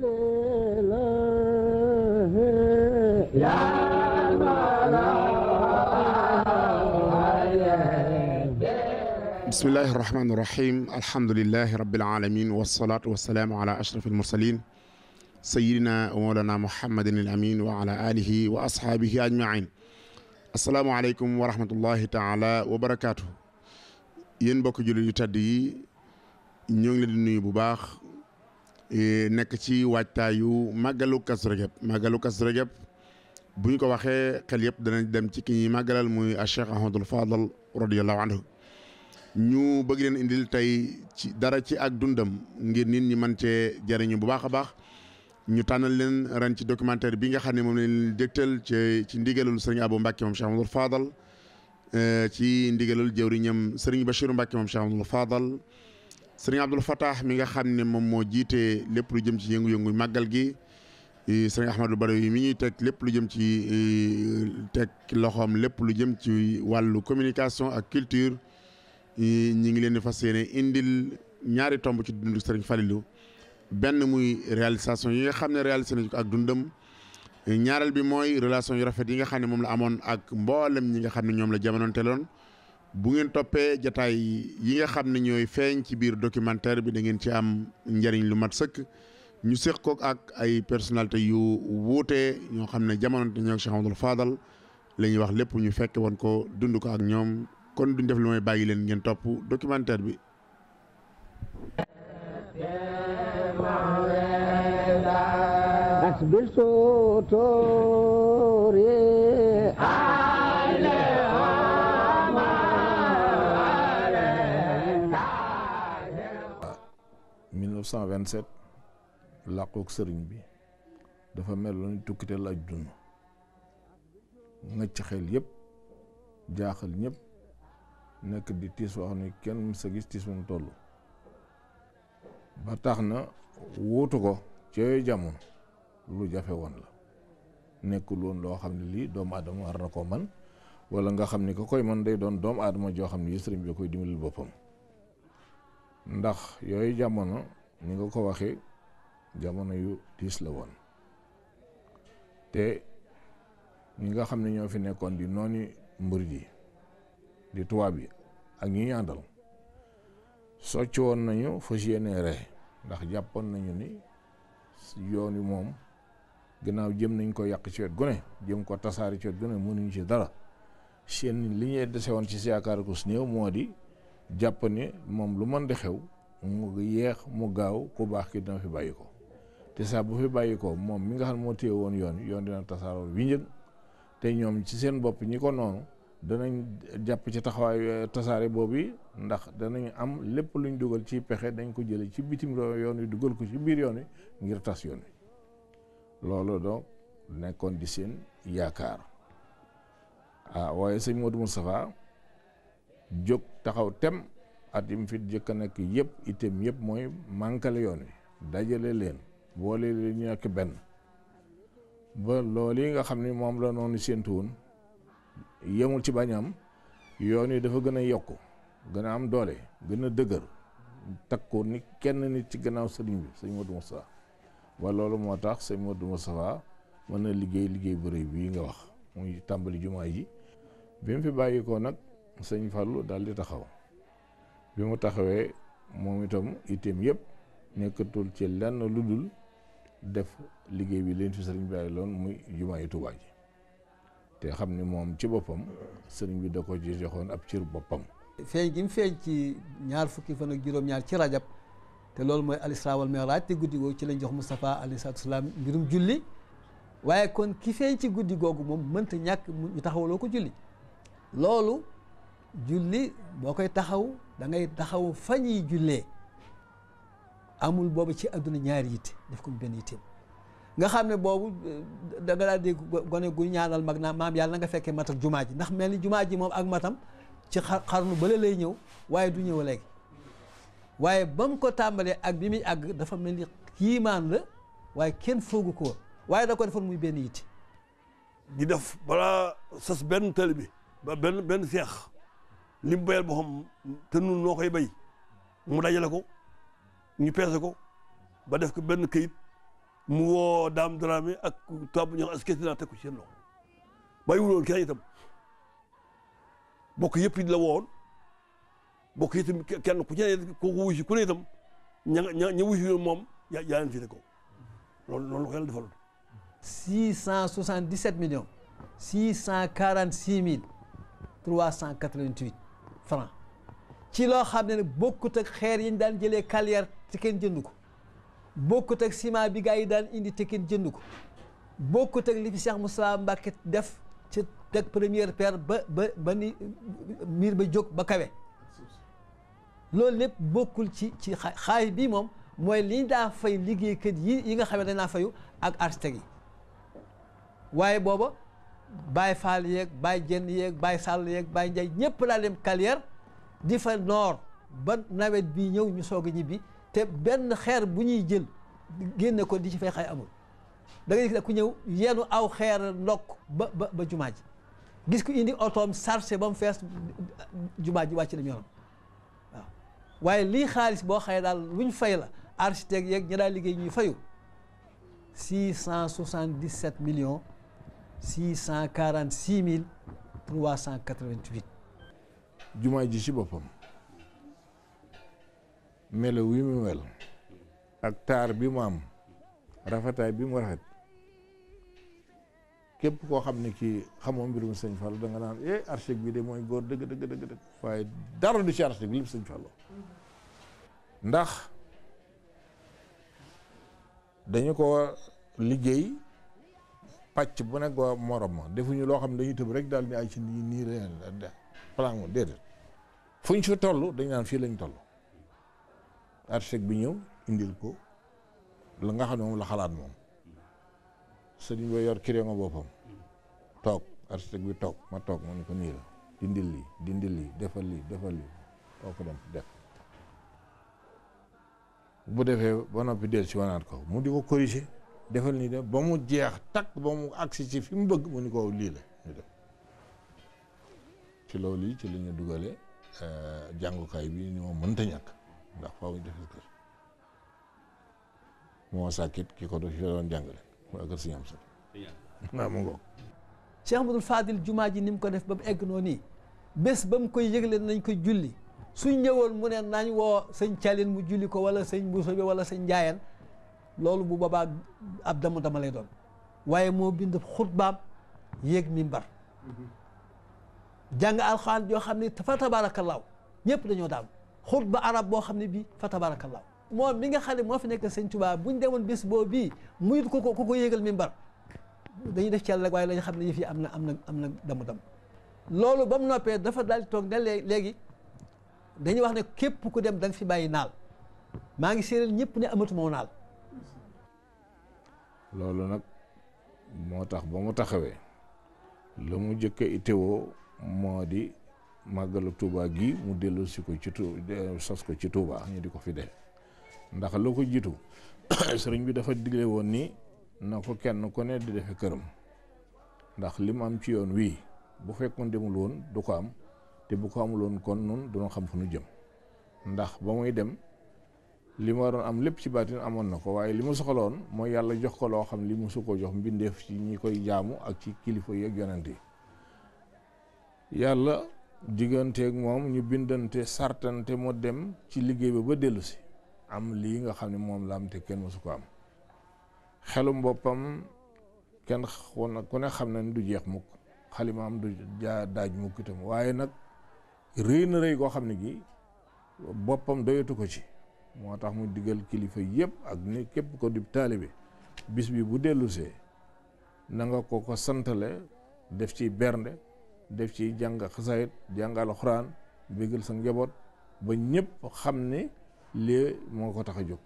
bismillahi irrahmani irrahim alhamdulilahi rabilalamin walsalaatu walsalaamu ala ashraf almursalin sayidina wa moolana muhammadin al amin wa ala alihi wa ashaabihi ajmain asalaamu aleykum wa rahmatullahi taala wa barakaatu yéen mbokk jullit yu tedd yi ñoo ngi leen di nuyu bu baax Eh, nekk ci waajtaayu màggalu Kazu Rajab màggalu Kazu Rajab bu ñu ko waxee xel yëpp danañ dem ci ki ñuy màggalal muy Cheikh Ahmadul Fadal radiyallahu anhu ñu bëgg leen indil tey ci dara ci ak dundam ngir nit ñi man cee jëriñu bu baax a baax ñu tànnal leen ren ci documentaire bi nga xam ne moom leen dégtal ci ci ndigalul sëriñ Abou Mbacke moom Cheikh Ahmadul Fadal eh, ci ndigalul jëwriñam sëriñ Bachirou Mbacke moom Cheikh sëriñ Abdul Fattah mi nga xam ne moom moo jiitee lépp lu jëm ci yëngu-yëngu màggal gi sëriñ Ahmadou Baro yi mi ñuy teg lépp lu jëm ci teg loxoom lépp lu jëm ci wàllu communication ak culture ñi ngi leen di fas yéene indil ñaari tomb ci dundu seriñ Falilou benn muy réalisation yi nga xam ne réalisé nañ ko ak dundam ñaareel bi mooy relation yu rafet yi nga xam ne moom la amoon ak mboolem ñi nga xam ne ñoom la jamonoonteeloon bu ngeen toppee jataay yi nga xam ne ñooy feeñ ci biir documentaire bi da ngeen ci am njariñ lu mat sëkk ñu seex ko ak ay personnalité yu wuute ñoo xam ne jamono te ñoo Cheikh Amadou Fadal ñuy wax lépp ñu fekke woon ko dund ak ñoom kon duñ def lu may leen ngeen topp documentaire bi 1927 làqoog sëriñ bi dafa mel ni tukkiteel ak dund ngëcc xel yëpp jaaxal ñépp nekk di tiis wax ni kenn mu sa gis tiis mu toll ba tax na wuutu ko ci yooyu jamono lu jafe woon la nekkul woon loo xam ne lii doomu aadama war na koo man wala nga xam ni ko koy man day doon doomu adama joo xam ne yi sëriñ bi koy dimbalil boppam ndax yooyu jamono ni nga ko waxee jamono yu tiis la woon te ñi nga xam ne ñoo fi nekkoon di nooni mbër ji di tuwaab yi ak ñu àndal socc woon nañu fas yéene ree ndax jàppoon nañu ni yoon wi moom gannaaw jëm nañ ko yàq ci wet gu jëm ko tasaari ci wet gu mënuñ ci dara seen li ñuy dese woon ci si yaakaar ko su néew moo di jàpp ne moom lu mën di xew mu yéex mu gaaw ku baax ki dina fi bàyyi ko te saa bu fi bàyyi ko moom mi nga xam moo téye woon yoon yoon dina tasaaroo wi njëg te ñoom ci seen bopp ñi ko noonu danañ jàpp ci taxawaay tasaare boobu ndax danañu am lépp luñ dugal ci pexe dañ ko jële ci bitim yoon wi dugal ko ci biir yoon yi ngir tas yoon wi loolu donc nekkoon di seen yaakaar ah waaye sëñ Modou Moustapha jóg taxaw tem at yim fi jëkk a nekk yëpp itam yëpp mooy mànkale yoon wi dajale leen boole leen ñu nekk benn ba loolu yi nga xam ni moom la noonu séentu woon yemul ci bañam yoon wi dafa gën a yokk gën a am doole gën a dëgër takku ni kenn nit ci gannaaw sëriñ bi sëñ Modou Moustapha ba loolu moo tax sëñ Modou Moustapha mën na liggéey liggéey bu bi bii nga wax muy tàmbali jumaa yi bi mu fi bàyyi ko nag sëñ Fallou daal di taxaw bi mu taxawee moom itam itam yëpp nekkatul ci lenn lu dul def liggéey bi leen fi sëriñ bi bàyyi loon muy jumaa yi Tuubaa ji te xam ni moom ci boppam sëriñ bi da ko ci joxoon ab cir boppam feeñ gi mu feeñ ci ñaar fukki fan ak juróom-ñaar ci rajab te loolu mooy al-Isra wal te guddi googu ci lañ jox Moustapha alayhi salaatu salaam mbirum julli waaye kon ki feeñ ci guddi googu moom mënta ñàkk ñu taxawaloo ko julli loolu julli boo koy taxaw dangay ngay taxaw fa ñuy jullee amul boobu ci àdduna ñaari yitte def ko mu benn yitteem nga xam ne boobu eh, da nga dégg di gone gu ñaanal mag naa maam yàlla nga fekkee mat ak jumaa ji ndax mel ni jumaa ji moom ak matam ci xarnu bale lay ñëw waaye du ñëw léegi waaye ba mu ko tàmbalee ak bi muy àgg dafa mel ni kiimaan la waaye kenn foogu ko waaye da ko defoon muy benn yitte. di def balaa sas benn tali bi ba benn benn seex. li mu bayal boppam te nun noo koy bay mu dajale ko ñu peese ko ba def ko benn kayit mu woo daam Dramé ak tubaab bu ñu wax askan wi teg ko ci seen loxo bàyyi wuloon kenn itam bokk yëpp la woon bokk itam kenn ku ci ne ku wuyu si ku ne itam ña ña ña wuyu si moom yaa yaa leen fi ko loolu loolu la ko yàlla defaloon. six cent soixante francs ci loo xam ne nag bokkut ak xeer yi ñu daan jëlee carrière te kenn jënd ko bokkut ak ciment bi gaa yi daan indi te kenn jënd ko bokkut ak li fi Cheikh Moussa mbàkket def ci teg première pierre ba ba ba ni miir ba jóg ba kawe loolu lépp bokkul ci ci xaalis bi moom mooy liñ daa fay liggéeykat yi yi nga xam ne dañ naa fayu ak architecte yi waaye booba baay Fall yeeg Baye Jenn yeeg Baye sàll yeeg baay Ndiaye ñëpp laa dem carrière di fa noor ba nawet bi ñëw ñu soog a ñibbi te benn xeer bu ñuy jël génne ko di ci fay xay amul da ngay gis ku ñëw yenu aw xeer ndokk ba ba ba jumaa ji gis ku indi otoom chargé ba mu fees jumaa ji wàcc dem yoonam waaye lii xaalis boo xëyee daal luñ fay la architecte yeeg ñi daal liggéey ñuy fayu 677 million six cent quarante six mille trois cent quatre vingt huit. jumaa ji ci boppam melo wi mu mel ak taar bi mu am rafetaay bi mu rafet képp koo xam ne kii xamoo mbirum sëñ Fallou da nga naan eh archive bi de mooy góor dëgg dëgg dëgg dëgg waaye dara du ci archive bi lépp sëñ Fallou ndax dañu ko liggéey. pàcc bu nekk morom defuñu loo xam ne dañuy tëb rek daal ni ay ci nii nii de plan moom déedéet fuñ si toll dañ naan fii lañ toll architecte bi ñëw indil ko la nga xam ne moom la xalaat moom sëriñ ba yor crayon boppam toog architecte bi toog ma toog ma ne ko nii la dindil lii dindil lii defal lii defal lii bu defee ba noppi del si wanaat ko mu di ko corriger defal nii def ba mu jeex takk ba mu agsi ci fi mu bëgg mu ni ko lii la ñu def ci loolu ci la ñu dugale euh, jàngukaay bi ni moom mënta ñàkk ndax faaw ñu defal kër moo sàkkit ki ko doon si ñam sax mu jumaa ji ni ko def ba mu egg noonu nii bés ba mu koy yëgle nañ ko julli suñ ñëwoon mu ne nañ woo sëñ mu julli ko wala sëñ Bousso bi wala sëñ Ndiayane loolu bu boobaa ab damu dama lay doon waaye moo bind xutbaam yéeg mimbar jàng alxuraan yoo xam ne fa tabaarakallaahu ñëpp dañoo daanu xutba arab boo xam ne bii fa tabaarakallaahu moom mi nga xam ne moo fi nekk sëñ bu ñu demoon bis boo bii muyut ku ko ku ko yéegal mimbar dañuy def ci yàlla rek waaye lañu xam ne yëf yi am na am na am na damu dam loolu ba mu noppee dafa dal toog ne léegi dañu wax ne képp ku dem da nga fi bàyyi naal maa ngi séeréel ñépp ne amatuma naal loolu nag moo tax ba mu taxawee la mu njëkk a itewoo moo di màggalu Touba gi mu dellu ko ci tu sos ko ci Touba ñu di ko fi def ndax loo ko jiitu sëriñ bi dafa digle woon nii na ko kenn ku ne di defe këram ndax li mu am ci yoon wii bu fekkoon demul woon du ko am te bu ko amuloon woon kon nun duñu xam fu nu jëm ndax ba muy dem li ma waroon am lépp ci baatin amoon na ko waaye li ma soxaloon mooy yàlla jox ko loo xam li mosu ko jox mbindeef ci ñi koy jaamu ak ci kilifa yi ak yonent yi yàlla digganteek moom ñu bindante sartante moo dem ci liggéey ba ba dellu si am lii nga xam ne moom la am te kenn mosu ko am xelum boppam kenn xon ku ne xam na ni du jeex mukk xalimaam du jaa daaj mukk waaye nag rëy na rëy koo xam ne gi boppam doyatu ko ci moo tax mu diggal kilifa yëpp ak ni képp ko di taalibe bis bi bu dellusee nanga ko ko santale def ci bernde def ci jàng xasayit jàng alxuraan bégal sa njaboot ba ñëpp xam ni lii moo ko tax a jóg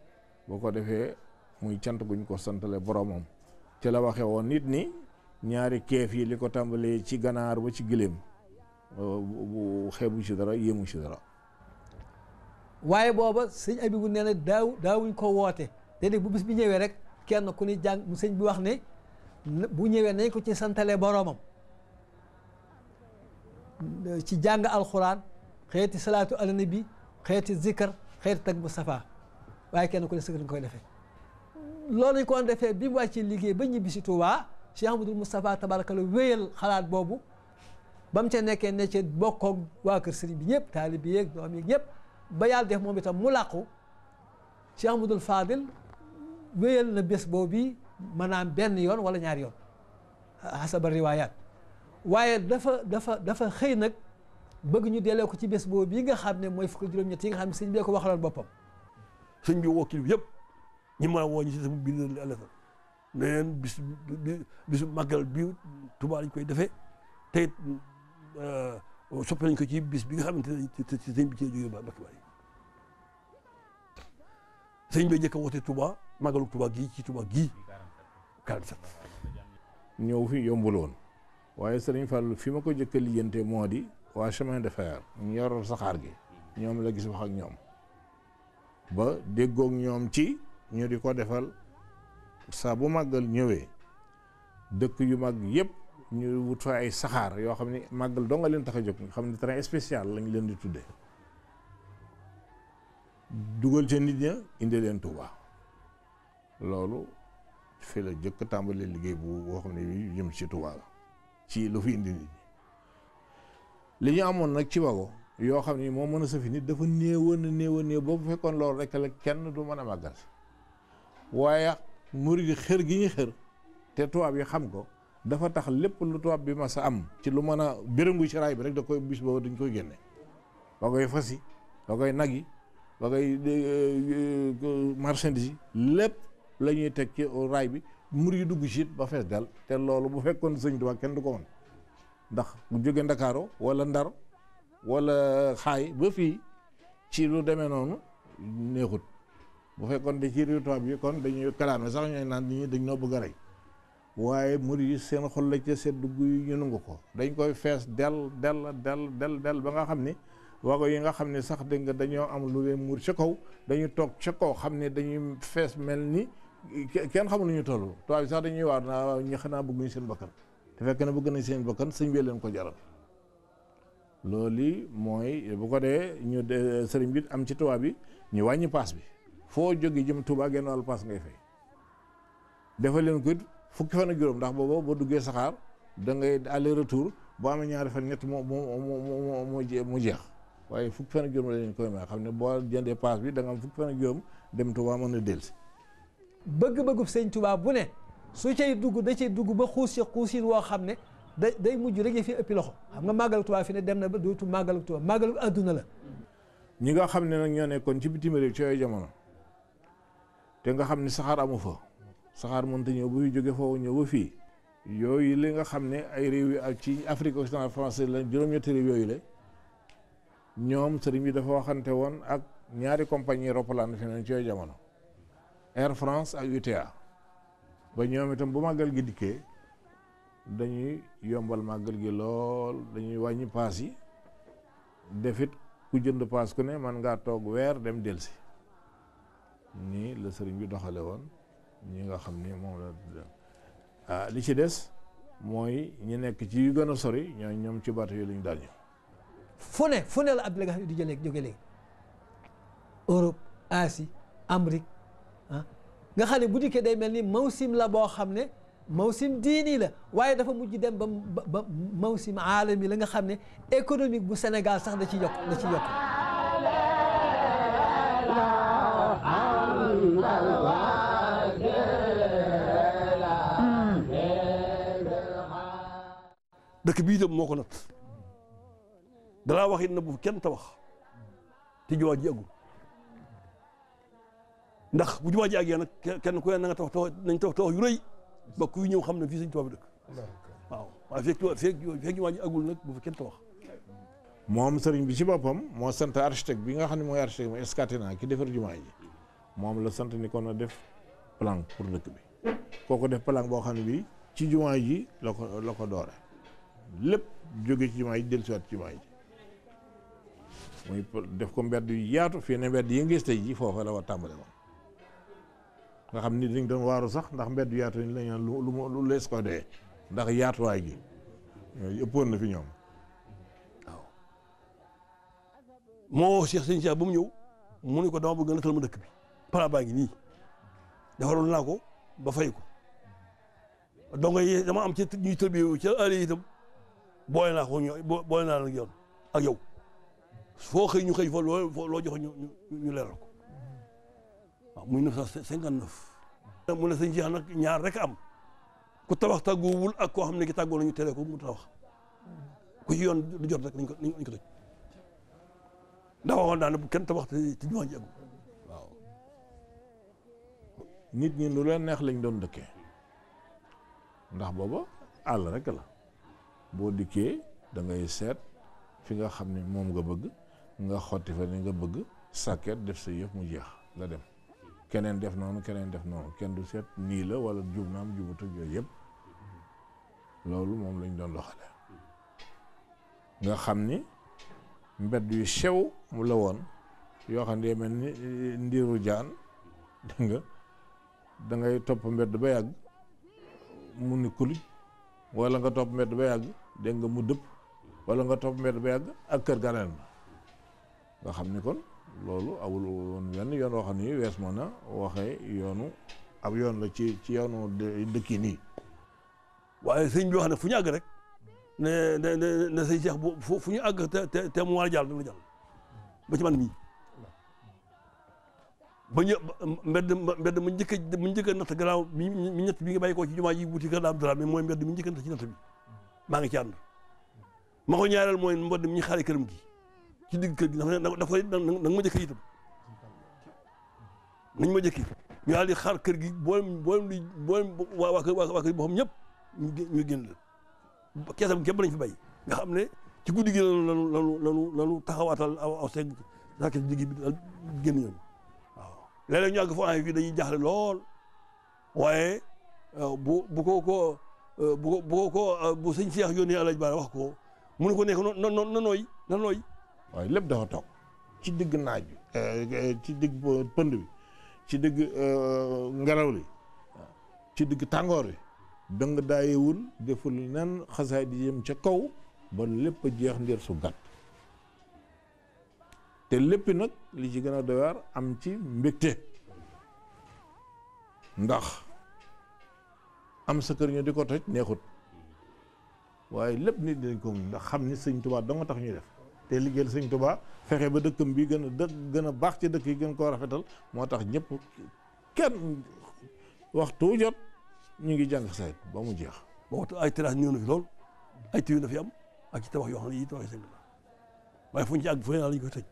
boo ko defee muy cant guñ ko santale boromam ci la waxe woon nit ni ñaari keef yi li ko tàmbalee ci ganaar ba ci giléem uh, bu xeebu ci dara yéemu ci dara waaye booba sëñ Abibu nee na daaw daawuñ ko woote te bu bis bi ñëwee rek kenn ku ni jàng mu sëñ bi wax ne bu ñëwee nañ ko ci santale boroomam ci jàng alxuraan xeeti salaatu ala nabi xeeti zikkar xeeti tag bu safa waaye kenn ku ne sëkk dañ koy loolu ñu ko woon bi mu wàccee liggéey ba ñibbi si Tuubaa Cheikh Amadou Moustapha tabarakala wéyal xalaat boobu ba mu ca nekkee ne ca bokkoog waa kër sëriñ bi ñëpp taalib bi yeeg doom yeeg ñëpp ba yàlla def moom tam mu làqu Cheikh Ahmadul Fadil wéyal na bés boobu maanaam benn yoon wala ñaari yoon hasaba riwaayaat waaye dafa dafa dafa xëy nag bëgg ñu delee ko ci bés boobu bii nga xam ne mooy fukki juróom-ñett yi nga xam ne sëñ bi ko waxaloon boppam. sëñ bi woo kilifa yëpp ñi ma woo ñu si sama bind li àll ne leen bis bisu bi Tuubaa lañ koy defee soppi nañ ko ci bis bi nga xamante ne sëñ bi ci jógee ba Mbacke Bari sëñ bi njëkk a woote Touba màggalu Touba gii ci Touba gii 47. ñëw fi yombul woon waaye Serigne Fall fi ma ko njëkk a lijjante moo di waa chemin de fer ñu yoroon saxaar gi ñoom la gis wax ak ñoom ba déggoog ñoom ci ñu di ko defal saa bu màggal ñëwee dëkk yu mag yëpp. ñu wut fa ay saxaar yoo xam ne màggal doo nga leen tax a jóg xam ne train spécial lañ leen di tuddee dugal ca nit ña indi leen Touba loolu fi la jëkk tàmbalee liggéey bu boo xam ne yu jëm ci Touba la ci lu fi indi nit ñi li ñu amoon nag ci wago yoo xam ne moo mën a safi nit dafa néewoon na néewoon néew boobu fekkoon loolu rek la kenn du mën a màggal si waaye murid xër gi ñu xër te tubaab yi xam ko dafa tax lépp lu tubaab bi ma sa am ci lu mën a béréngu ci raay bi rek da koy bis boobu dañ koy génne wagoy fas yi koy nag yi wagoy marchandise yi lépp la ñuy teg ci raay bi mur yi dugg ci ba fees dal te loolu bu fekkoon sëñ Tuubaa kenn du ko mën ndax bu jóge Ndakaaru wala Ndar wala xaay ba fii ci lu demee noonu neexut bu fekkoon da ci réew tubaab yi kon dañuy kalaame sax ñooy naan nit ñi dañ noo bëgg a rey waaye murid yi seen xol la ca sedd guy ñu nangu ko dañ koy fees del del del del del ba nga xam ni wago yi nga xam ne sax dégg nga dañoo am lu leen muur ca kaw dañu toog ca kaw xam ne dañuy fees mel ni kenn xamul ñu toll tubaab bi sax dañuy waar naa waaw ñi xanaa bëgguñu seen bakkan te fekk na bëgg nañ seen bakkan sëñ bi leen ko jaral loolu mooy bu ko dee ñu sëriñ bi am ci tubaab bi ñu wàññi paas bi foo jóge jëm Tuubaa genn wàllu paas ngay fay defal leen fukki fan juróom ndax booba boo duggee saxaar da ngay aller retour boo amee ñaari fan ñett moo moo moo moo mu jeex waaye fukki fan ak juróom la leen koy may xam ne boo jëndee paas bi da nga am fukki fan ak juróom dem Tuubaa mën a delsi bëgg-bëggub sëñ Tuubaa bu ne su cay dugg da cay dugg ba xuus ya xuusin woo xam ne da day mujj rek fi ëppi loxo xam nga màggalu Tuubaa fi ne dem na ba dootu màggalu Tuubaa màggalu la ñi nga xam ne nag ñoo kon ci bi réew ci jamono te nga xam ne saxaar fa saxaar mënta ñëw buy jóge foofu ñëw ba fii yooyu li nga xam ne ay réew yi ak ci Afrique occidentale française la juróom-ñetti yooyu le ñoom sëriñ bi dafa waxante woon ak ñaari compagnie roppalaan fi noonu ci yooyu jamono Air France ak UTA ba ñoom itam bu màggal gi dikkee dañuy yombal màggal gi lool dañuy wàññi paas yi defit ku jënd paas ku ne man ngaa toog weer dem delsi nii la sëriñ bi doxale woon ñi nga xam ni moom la ah, li ci des mooy ñu nekk ci yu gën sori ñoo ñoom ci bato yi lañu daal ñu fu ne fu ne la ab délégation di jëlee jóge léegi Europe Asie Amérique ah nga xam ne bu dikkee day mel ni mawsim la boo xam ne mawsim diini la waaye dafa mujj dem ba ba mawsim aalami la nga xam ne économique bu senegal sax da ci yokk da ci yokk dëkk bii dem moo ko nat dalaa wax it na bu kenn tabax te jumaa ji agul ndax bu jumaa ji àggee nag kenn ku ne na nga tabax tabax nañ tabax yu rëy ba kuy ñëw xam ne fii sëñ Tuubaa bi dëkk waaw waaye feeg feeg feeg jumaa ji agul nag bu fi kenn tabax moom sëriñ bi ci boppam moo sant architecte bi nga xam ne mooy architecte mooy Escatina ki defar jumaa ji moom la sant ni kon na def plan pour dëkk bi kooku def plan boo xam ne bi ci jumaa ji la ko la ko doore lépp jóge ci jumaa ji dellusiwaat ci jumaa ji muy def ko mbedd yu yaatu fii ne mbedd yi ngis te ji foofa la war tàmbale woon nga xam ni dañ doon waaru sax ndax mbedd yu yaatu lañ naan ndax yaatuwaay gi ëppoon na fi ñoom waaw moo Cheikh Sëñ mu ñëw ne ko dama dëkk bi plan baa ngi nii defaroon naa ko ba fay ko donc dama am ci ñuy tëbbi ci àll yi itam boole naa ko ñoom boole naa ak yoon ak yow foo xëy ñu xëy fa loo loo jox ñu ñu leeral ko waaw muy 1959. mu ne sëñ Cheikh nag ñaar rek am ku tabax tàggoowul ak koo xam ne ki tàggoo la ñu tere ko mu tabax ku ci yoon du jot rek nañ ko nañ ko toj ndax waxoon naa ne bu kenn tabax te jumaa ji agul waaw. nit ñi lu leen neex lañ doon dëkkee ndax booba àll rek la. boo dikkee dangay seet fi nga xam ne moom nga bëgg nga xotti fa ni nga bëgg sàkket def sa yëf mu jeex la dem keneen def noonu keneen def noonu kenn du seet nii la wala jub naam jubutu yooyu yëpp loolu moom lañ doon doxale nga xam ni mbedd yu sew mu la woon yoo xam mel ni eh, ndiiru jaan dégg nga da ngay topp mbedd ba yàgg mu ni wala nga topp mbedd ba yàgg dégg nga mu dëpp wala nga topp mbedd ba yàgg ak kër ganeen nga xam ni kon loolu awul woon wenn yoon woo xam ni wees moo a waxee yoonu ab yoon la ci ci yoonu dëkki nii waaye sëñ bi wax ne fu ñu àgg rek ne ne ne sëñ Cheikh bu fu ñu àgg te te mu war a jàll dama jàll ba ci man mii mbedd mu njëkk a natt gannaaw mi ñett bi nga bàyyi koo ci jumaa ji wuti gannaaw dara mais mooy mbedd mu njëkk a natt ci natt bi maa ngi ci ànd ma ko ñaareel mooy mbodd mi ñu xaaree këram gi ci digg kër gi dafa ne dafa nag ma jëkk itam nañ ma jëkki ñu daal di xaar kër gi boolem boolem di boolem waa waa waa kër boo xam ñëpp ñu génn la keesam képp lañ fi bay nga xam ne ci guddi gi lanu lanu lanu lanu taxawaatal aw aw seeg sàkk bi daal génn ñooñu waaw léeg-léeg ñu àgg foo xam ne fii dañuy jaaxle lool waaye bu bu ko ko Euh, bu ko ko euh, bu sëñ Cheikh yónnee Alaaji Baara wax ko mu ko nekk na na na nooy waaye lépp dafa toog ci digg naaj bi. Euh, ci digg pënd bi ci digg ngelaw li ci digg tàngoor bi danga daayewul deful nen xasaay di yem ca kaw ba lépp a jeex ndir su gàtt te lépp nag li ci gën a doy am ci mbégte ndax. am sa kër ñu di ko toj neexut waaye lépp nit dañ ko ndax xam ni sëñ tubaa da nga tax ñuy def te liggéeyal sëñ tubaa fexe ba dëkkam bi gën a dëkk a baax ci dëkk yi gën koo rafetal moo tax ñëpp kenn waxtu jot ñu ngi jàng sayt ba mu jeex ba waxtu ay terrasse ñëw na fi lool ay tiyu na fi am ak ci tabax yoo xam ne yi tabax sëñ tubaa waaye fu ñu ci àgg fu ne lañ koy tëj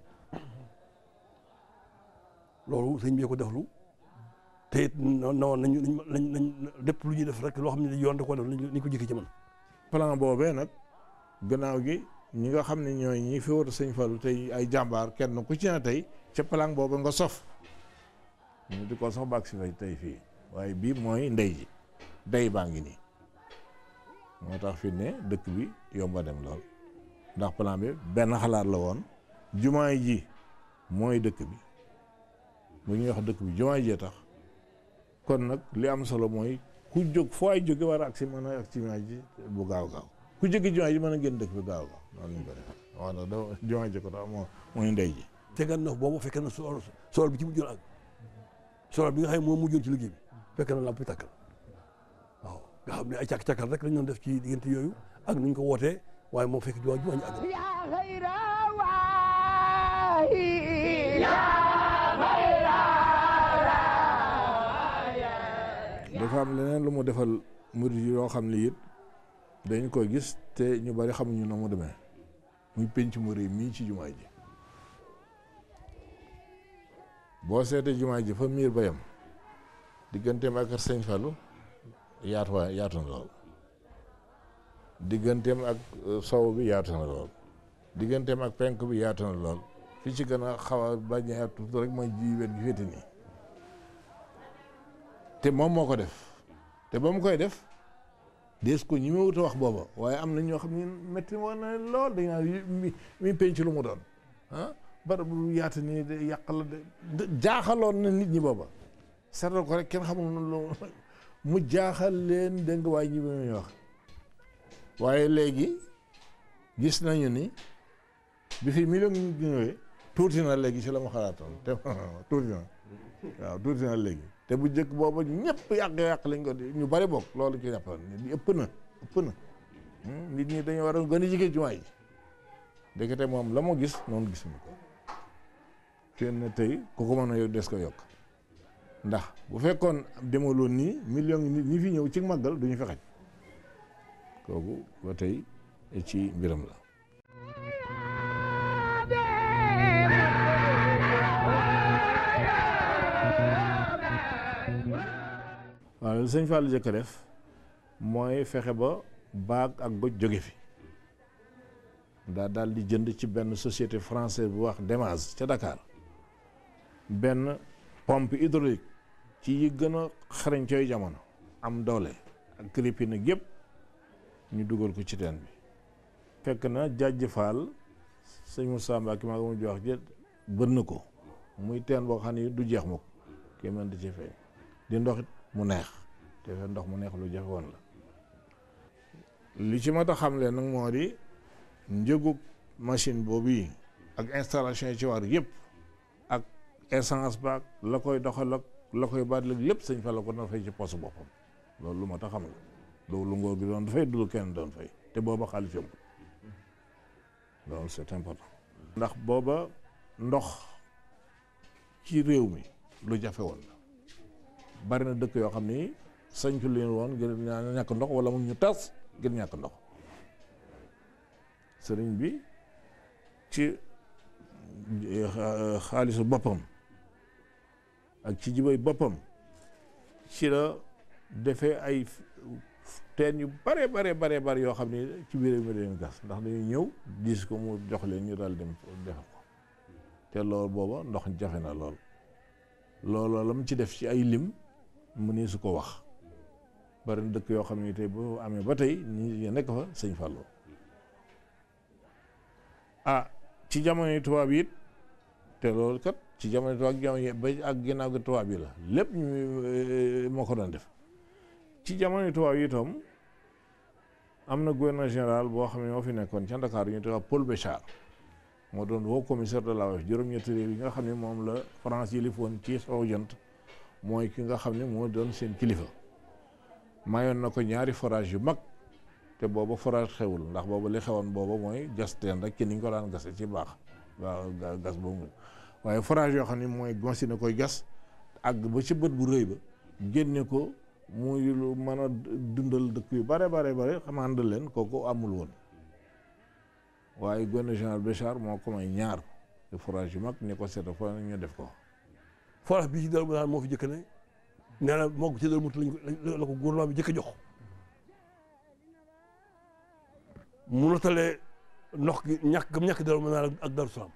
loolu sëñ bi def lu te it non nañu nañ nañ lépp lu ñuy def rek loo xam ne yoon da koo def ko jëkkee ci man. plan boobee nag gannaaw gi ñi nga xam ne ñooy ñi fi war a sëñ Fallou tey ay jàmbaar kenn ku ci na tey ca plan booba nga sof ñu di ko sax bàgg si fay tey fii waaye bii mooy ndey ji day baa ngi nii moo tax fi ne dëkk bi yomba dem lool ndax plan bi benn xalaat la woon jumaay ji mooy dëkk bi bu ñuy wax dëkk bi jumaay jee tax kon nag li am solo mooy ku jóg foo ay jóge war a agsi mën a agsi jumaa ji bu gaaw gaaw ku jóge jumaa ji mën a génn dëkk bi gaaw gaaw noonu lañ ko def waaw ndax dafa jumaa ko daal moo mooy ndey ji cinquante neuf boobu fekk na sool sool bi ci mujjoon ak sool bi nga xam ne moom mujjoon ci liggéey bi fekk na làmp yi tàkkal waaw nga rek lañ doon def ci diggante yooyu ak nuñ ko wootee waaye moom fekk jumaa dafa am leneen lu mu defal murid yoo xam ne it dañ koy gis te ñu bari xamuñu na mu demee muy penc mu rëy mii ci jumaa ji boo seetee jumaa ji fa miir bayam yam digganteem ak sëñ Fallou yaatu yaatu na lool digganteem ak euh, bi yaatu na penk bi yaatu na lool fi ci gën a xaw a bañ a yaatu rek mooy ji wet gi féete nii te moom moo ko def te ba koy def des ko ñi ma wut a wax booba waaye am na ñoo xam ne métti woon na lool dañ naan mi mi penc lu mu doon ah barab bu yaatu nii de yàq la de jaaxaloon na nit ñi booba seetal ko rek kenn xamul loo mu jaaxal leen dégg nga waaye ñi ma ñuy wax waaye léegi gis nañu ni bi fi million ñëwee tuuti na léegi si la ma xalaatoon te tuuti na waaw tuuti na léegi te bu njëkk booba ñëpp yàq yàq lañ ko ñu bari bokk loolu ci yàqoon li ëpp na ëpp na hmm, nit ñi dañu war a gën a jigéen jumaa ji ndekete moom la moo gis noonu gisuñu ko kenn na tey ku ko mën a des ko yokk ndax bu fekkoon demaloon nii million nit ñi fi ñëw ci màggal duñu fexej kooku ba tey ci mbiram la waaw loolu sëñ Fallou jëkk def mooy fexe ba baag ak goj jóge fi daa daal di jënd ci benn société française bu wax demaas ca dakaar benn pompe hydraulique ci yi gën a xarañ cooy jamono am doole ak crépine gépp ñu dugal ko ci teen bi fekk na jàjj Fall sëñ Moussa Mbacke maa ngi mujj wax jë bënn ko muy teen boo xam ne du jeex mukk kii mën di ci feeñ di ndox mu neex te ndox mu neex lu jafe woon la li ci mata xam xamle nag moo di njëgu machine boobu yi ak installation yi ci war yëpp ak essence baag la koy doxal la koy baat lag lépp sëñ fa la ko doon fay ci poste boppam loolu lu mat a xam la loolu lu ngoo gi doon fay du lu kenn doon fay te booba xaalis yombul loolu c'est important ndax booba ndox ci réew mi lu jafe woon bari na dëkk yoo xam ni sañcu leen woon ñaa ñàkk ndox wala mu ñu tas ngir ñàkk ndox sëriñ bi ci eh, xaalisu boppam ak ci jibay boppam ci la defee ay teen yu bare bare bare bare yoo xam ne ci biir mi leen gas ndax dañuy ñëw diis ko mu jox leen ñu daal dem def ko te lool booba ndox jafe na lool loolu la mu ci def ci ay lim mënee su ko wax bari dëkk yoo xam ne tey boo amee ba tey ñi nekk fa sëñ Fallou ah ci jamono tubaab yi it te loolu kat ci jamono tubaab jamono ba ak ginnaaw ga tubaab yi la lépp ñu eh, moo ko doon def ci jamono tubaab yi itam am na gouverneur général boo xam ne moo fi nekkoon ca Dakar ñu tubaab Paul Béchard moo doon woo commissaire de la juróom yi nga xam ne moom la France yilifoon ci soow jant mooy ki nga xam ne moo doon seen kilifa mayoon na ko ñaari forage yu mag te booba forage xewul ndax booba li xewoon booba mooy gas teen rek ci ñu ko daan gase ci baax waaw gas boobu waaye forage yoo xam ne mooy machine koy gas àgg ba ci bët bu rëy ba génne ko muy lu a dundal dëkk yu bare bare bare xamandal leen kooku amul woon waaye gone général Béchar moo ko may ñaar te forage yu mag ni ko seeta fo ñu def ko forage bi ci Darou naan moo fi jëkk ne nee na moog ci Darou Marnane lañ la ko gouvernement bi jëkk a jox mu notalee ndox gi ñàkk gam ñàkk Darou Marnane ak Darou Salam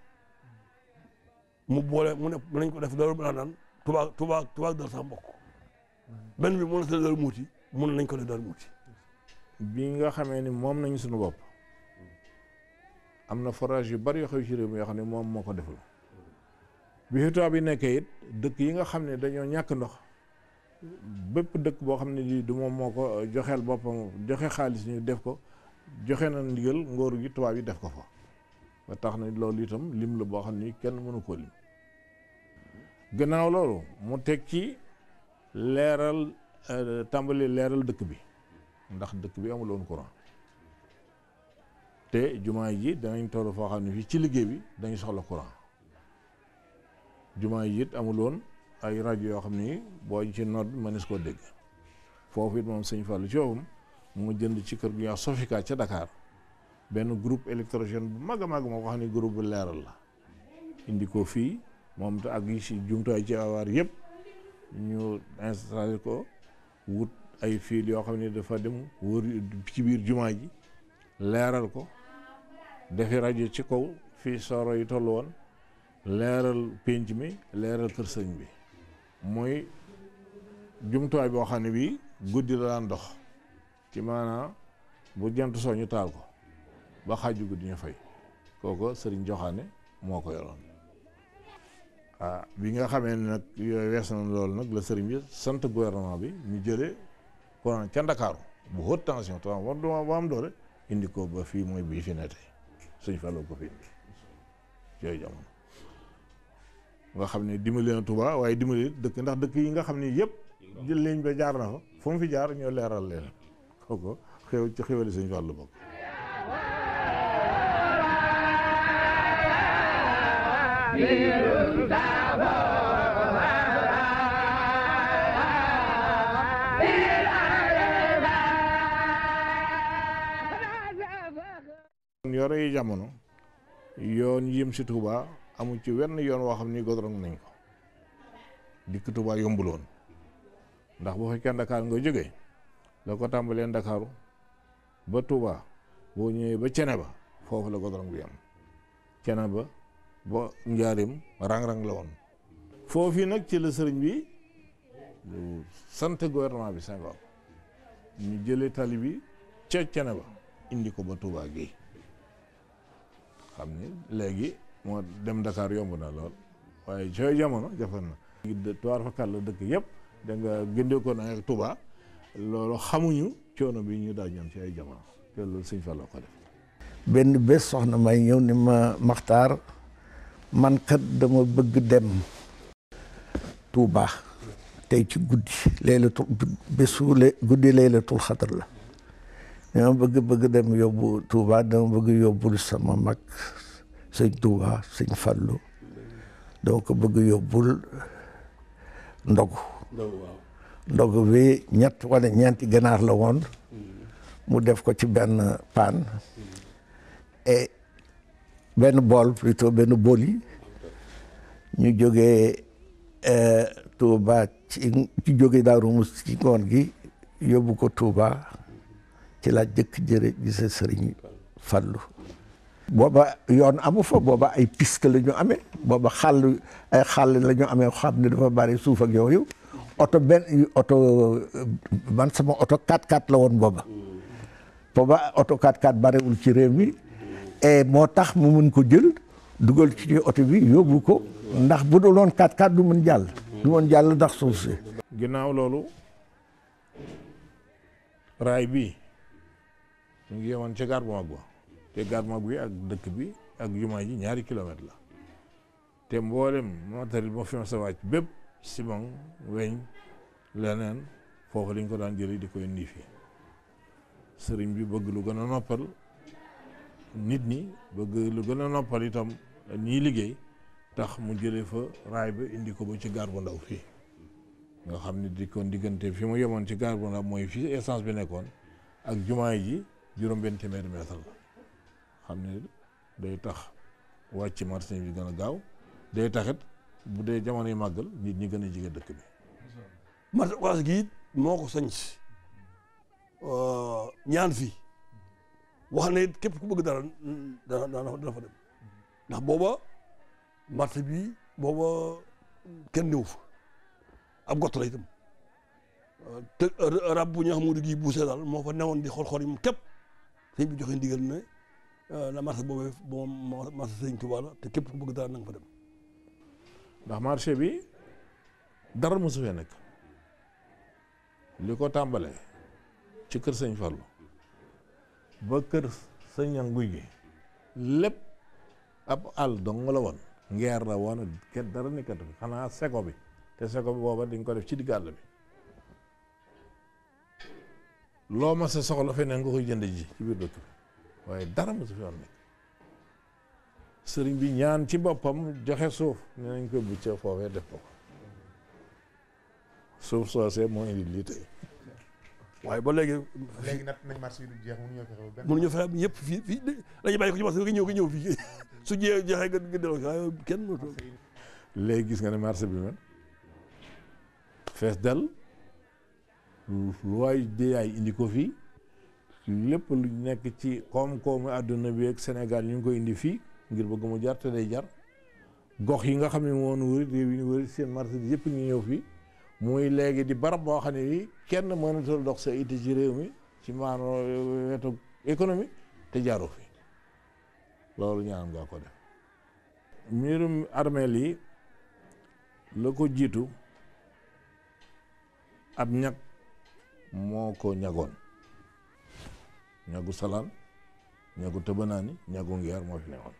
mu boole mu ne nañ ko def Darou Marnane Touba Touba Touba ak Darou Salam bokk benn bi mu notalee Darou Mouti mun nañ ko def Darou Mouti bi nga xamee ni moom nañu suñu bopp am na forage yu bari yoo xew ci réew mi yoo xam ne moom moo ko deful bi fi tubaab yi nekkee it dëkk yi nga xam ne dañoo ñàkk ndox bépp dëkk boo xam ne di du moom moo ko euh, joxeel boppam joxe xaalis ñu def ko joxe na ndigal ngóor gi tubaab yi def ko fa ba tax na loolu itam lim la boo xam ni kenn mënu koo lim gannaaw loolu mu teg ci leeral euh, tàmbali leeral dëkk bi ndax dëkk bi amuloon courant te jumaa ji danañ toll foo xam ne fii ci liggéey bi dañu soxla courant jumaa yi it amul woon ay rajo yoo xam ni boo ci nodd mënees koo dégg foofu it moom sëñ Fallou ci boppam mu jënd ci kër gu ñuy wax Sofika ca dakaar benn groupe électrogène bu mag a mag moo ko xam ne groupe bu leeral la indi ko fii moom te ak yi si jumtuwaay ci awaar yëpp ñu installé ko wut ay fiil yoo xam ne dafa dem wër ci biir jumaa ji leeral ko defi rajo ci kaw fii sooro yi toll woon leeral pénc mi leeral kër sëñ bi mooy jumtuwaay boo xam ne bii guddi la daan dox ci maanaa bu jant soo ñu taal ko ba xaaju guddi ñu fay kooku sëriñ joxaane moo ko yoroon ah bi nga xamee ne nag yooyu wees na loolu nag la sëriñ bi sant gouvernement bi ñu jëlee courant ca Ndakaaru bu haute tension te war du am doole indi ko ba fii mooy bii fi ne tey suñ faloo ko fi indi yooyu jamono nga xam ne dimbali na Touba waaye dimbali dëkk ndax dëkk yi nga xam ne yëpp jël liñ ba jaar na fa fu mu fi jaar ñoo leeral leen kooku xew ci xewali Sëñ Fallu bokk yore yi jamono yoon yim si Touba amul ci wenn yoon woo xam ni godrong nañ ko dikk Tuubaa yombul woon ndax bu fekkee Ndakaar nga jóge la ko tàmbalee Ndakaaru ba Tuubaa boo ñëwee ba cene ba foofu la godrong bi am cene ba ba njaarim rang-rang la woon foofu nag ci la sëriñ bi sant gouvernement bi Senghor ñu jëlee tali bi ca cene ba indi ko ba Tuubaa gi xam ni léegi moo dem Dakar yomb na lool waaye yooyu jamono jafe na. tuwaar fa kàll dëkk yëpp da nga gindeekoon ak Touba loolu xamuñu coono bi ñu daal ñoom ci ay jamono te loolu fa la ko benn bés soxna may ñëw ni ma maxtaar man kat dama bëgg dem. Touba tey ci guddi laylatul bésu guddi laylatul xadar la dama bëgg bëgg dem yóbbu Touba dama bëgg yóbbul sama mag. sëñ Touba sëñ Fallou dama ko bëgg yóbbul ndogu ndogu bi ñett wala ñeenti ganaar la woon mu def ko ci benn paan et benn bool plutôt benn bool yi ñu jóge e, Touba ci jóge jógee Daaru ci ngoon gi yóbbu ko tuuba ci la jëkk jëre gise sëriñ Fallou booba yoon amu fa booba ay piste la ñu amee booba xàll ay xàll la ñu amee xam ne dafa bari suuf ak yooyu oto benn oto ban sama oto 4x4 la woon booba booba oto 4 x bariwul ci réew mi et moo tax mu mun ko jël dugal ci ñu oto bi yóbbu ko ndax bu dul loon 4x4 du mun jàll du mun jàll ndax suuf si ginnaaw loolu raay bi mu ngi yemoon ci gaar bu mag ba te gare bi ak dëkk bi ak jumaa ji ñaari kilomètre la te mboolem matériel moo fi ma sa wàcc bépp simon weñ leneen foofu lañ ko daan jëlee di koy indi fii sëriñ bi bëgg lu gën a noppal nit ñi bëgg lu gën a noppal itam ñiy liggéey tax mu jële fa raay ba indi ko ba ci gaar bu ndaw fii nga xam ni di kon diggante fi mu yemoon ci gaar bu ndaw mooy fii essence bi nekkoon ak jumaa ji juróom-benn téeméeri mètre la xam ne day tax wàcc marché bi gën a gaaw day taxit bu dee jamonoy màggal nit ñi gën a jige dëkk bi marché Ocass gi it moo ko sañc euh, ñaan fi wax ne képp ku bëgg dara dana fa dem ndax booba marché bi booba kenn néew fa ab gott la itam euh, te euh, rab bu ñu xam mu dugg yi daal moo fa newoon di xool xool yi mu képp sëñ bi joxe ndigal ne Euh, la marché boobu moom marché Sëñ Tuubaa te képp ku bëgg dara na nga fa dem. ndax marché bi dara mosu fee nekk li ko tàmbalee ci kër sëñ Fallu ba kër sëñ Nguy gi lépp ab àll dong la woon. ngeer la woon kenn dara nekkatu fi xanaa seko bi te seko bi booba dañ ko def ci digg àll bi loo ma sa soxla feneen nga koy jënd ji ci biir dëkk bi. waaye dara mosu fi woon nekk sëriñ bi ñaan ci boppam joxe suuf ne nañ ko bucca foofee def ko suuf soosee moo indi lii tey waaye ba léegi. léegi nag nañ marché yi du jeex mënuñoo yëpp fii fii dañuy bàyyi ko ci marché bi nga ñëw nga ñëw fii su jeexee joxe nga nga delloo waaye kenn mënatoo. léegi gis nga ne marché bi man fees dal lu waay dee ay indi ko fii. lépp lu nekk ci koom-koomu àdduna bi ak Sénégal ñu ngi koy indi fii ngir bëgg mu jar te day jar gox yi nga xam ne moonu wërit réew yi ñu wërit seen marché bi yëpp ngi ñëw fii muy léegi di barab boo xam ne nii kenn mënatul dox sa itti ci réew mi ci maanaam wetu économie te jaaroo fi loolu ñaanam ngaa ko def mbirum armeel yi la ko jiitu ab ñag moo ko ñagoon ñagu salaan ñagu tëbanaani ñagu ngeer moo fi nekkoon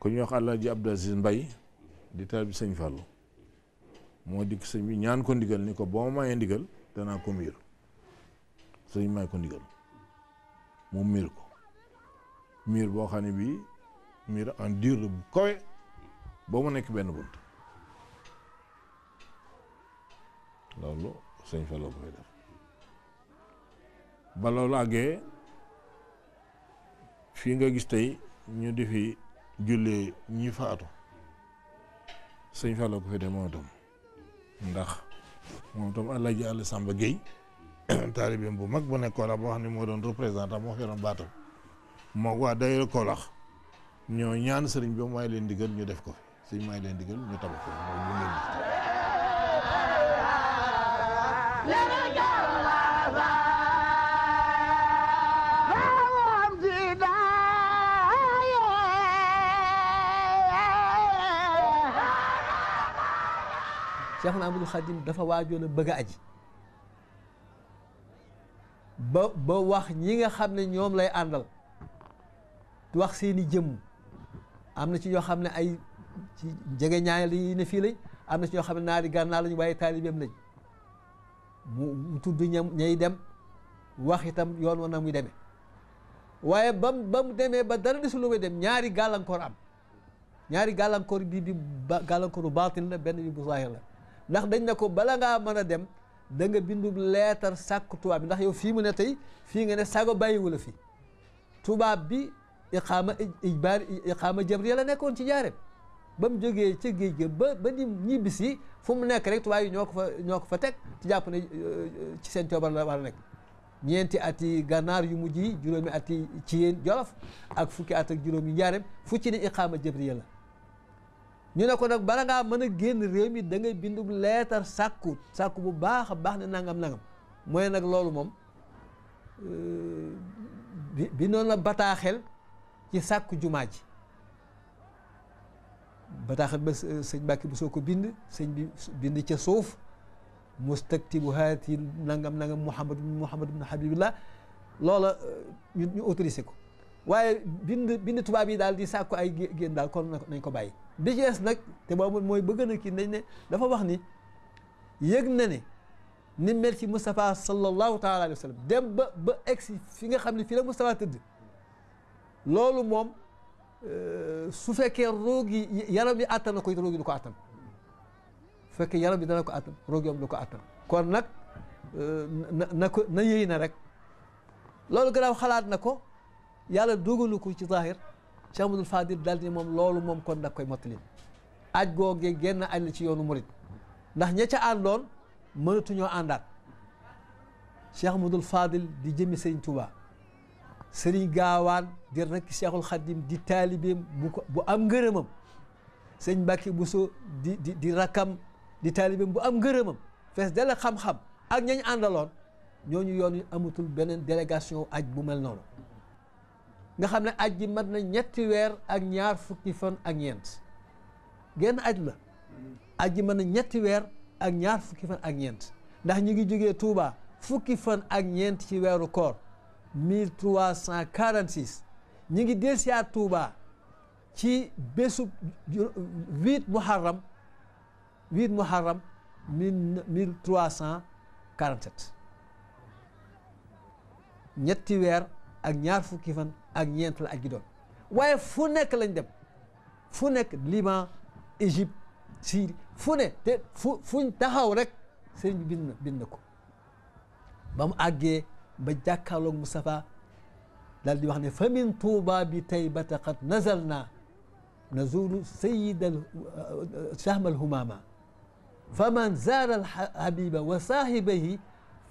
ku ñuy wax Alaaji Abdou Aziz Mbay di taal bi sëñ Fàllu moo dikk sëñ bi ñaan ko ndigal ni ko boo mayee ndigal danaa ko miir sëñ may ko ndigal mu miir ko miir boo xam ne bii miir en dur bu kawe boo mu nekk benn bunt loolu sëñ Fallou ko fay def ba loolu àggee fii nga gis tey ñu di fi jullee ñi faatu sëñ Fallou ko fi de moom tam ndax moom tam El Hadj Alla Samba Guèye taalibeem bu mag bu nekk Kaolack boo xam ne moo doon représentant moo fi doon baatam moo ko waa daayira Kaolack ñoo ñaan sëriñ bi may leen digal ñu def ko fi sëñ may leen digal ñu tabax ko fi Seexuna Amadu Xadim dafa waajoon a bëgg a aji ba ba wax ñi nga xam ne ñoom lay àndal wax seeni jëmm am na ci ñoo xam ne ay ci jege ñaayal yi ne fii lañ am na ci ñoo xam ne naari gànnaar lañu waaye taalibeem lañ mu tudd ñam ñay dem wax itam yoon wa na muy demee waaye ba mu ba mu demee ba dara desuloo muy dem ñaari gàllankoor am ñaari gàllankoor bii bi gàllankooru baatin la benn bi bu zaahir la ndax dañ ne ko bala ngaa mën a dem da nga bindu leetar sàkku tubaab bi ndax yow fii mu ne tey fii nga ne sago bàyyiwu la fi tubaab bi iqaama ijbaar iqaama jabriya la nekkoon ci jaareem ba mu jógee ca géej ga ba ba ñibbisi fu mu nekk rek tubaab yi ñoo ko fa ñoo ko fa teg ci jàpp ne euh, ci seen coobar la war a nekk ñeenti ati gànnaar yu mujj yi juróomi ati ci yéen jolof ak fukki at ak juróom yu njaareem fu ci ne iqaama jabriya la ñu ne ko nag bala ngaa mën a génn réew mi da ngay bindu leetar sàkku sàkku bu baax a baax ne nangam nangam mooy nag loolu moom euh, bi bi noonu la bataaxel ci sàkku jumaa ji bataaxel ba sëñ Mbàkke bu soo ko bind sëñ bi bind ca suuf mustaktibu haati nangam nangam Muhammad Muhammad ibn Habibillah loola euh, ñu ñu autorisé ko waaye bind bind tubaab yi daal di sàkku ay génn daal kon nañ ko bàyyi bi nag te boobu mooy bëgg na kii dañ ne dafa wax ni yëg na ne ni mel ci Moustapha sallallahu taala alayhi wa dem ba ba egsi fi nga xam ne fii la Moustapha tëdd loolu moom euh, su fekkee roog yi yaram yi àttan na ko roog yi du ko àttan su fekkee yaram bi dana ko àttan roog yi ko àttan kon nag euh, na ko na rek loolu gannaaw xalaat na ko yàlla dogalu ko ci zahir Cheikh Amadou Fadil daal ni moom loolu moom kon da koy mottali aj googee génn aj la ci yoonu murit ndax ña ca àndoon mënatuñoo àndaat Cheikh Amadou Fadil di jëmmi Serigne Touba Serigne Gaawaan di rakk Cheikhul Khadim di taalibeem bu am ngërëmam Serigne Mbacke Bousso di di di rakkam di taalibeem bu am ngërëmam fees dala xam-xam ak ñañ àndaloon ñooñu yoon amatul beneen délégation aj bu mel noonu nga xam ne aj gi mat na ñetti weer ak ñaar fukki fan ak ñeent genn aj la aj gi mat na ñetti weer ak ñaar fukki fan ak ñeent ndax ñu ngi jóge Touba fukki fan ak ñeent ci weeru koor 1346 ñu ngi delsiyaat Touba ci bésub 8 muharram 8 muharram 1347 ñetti weer ak ñaar fukki fan ak ñeent la aj gi doon waaye fu nekk lañ dem fu nekk Liban Égypte Syrie fu ne te fu fuñ taxaw rek sëriñ bi bind bind ko ba mu àggee ba jàkkaarloog Moustapha daal di wax ne fa min tuuba bi taybata qad nazal naa nazulu sayidal euh, sahmal humama fa man zaara alhabiba wa saahibahi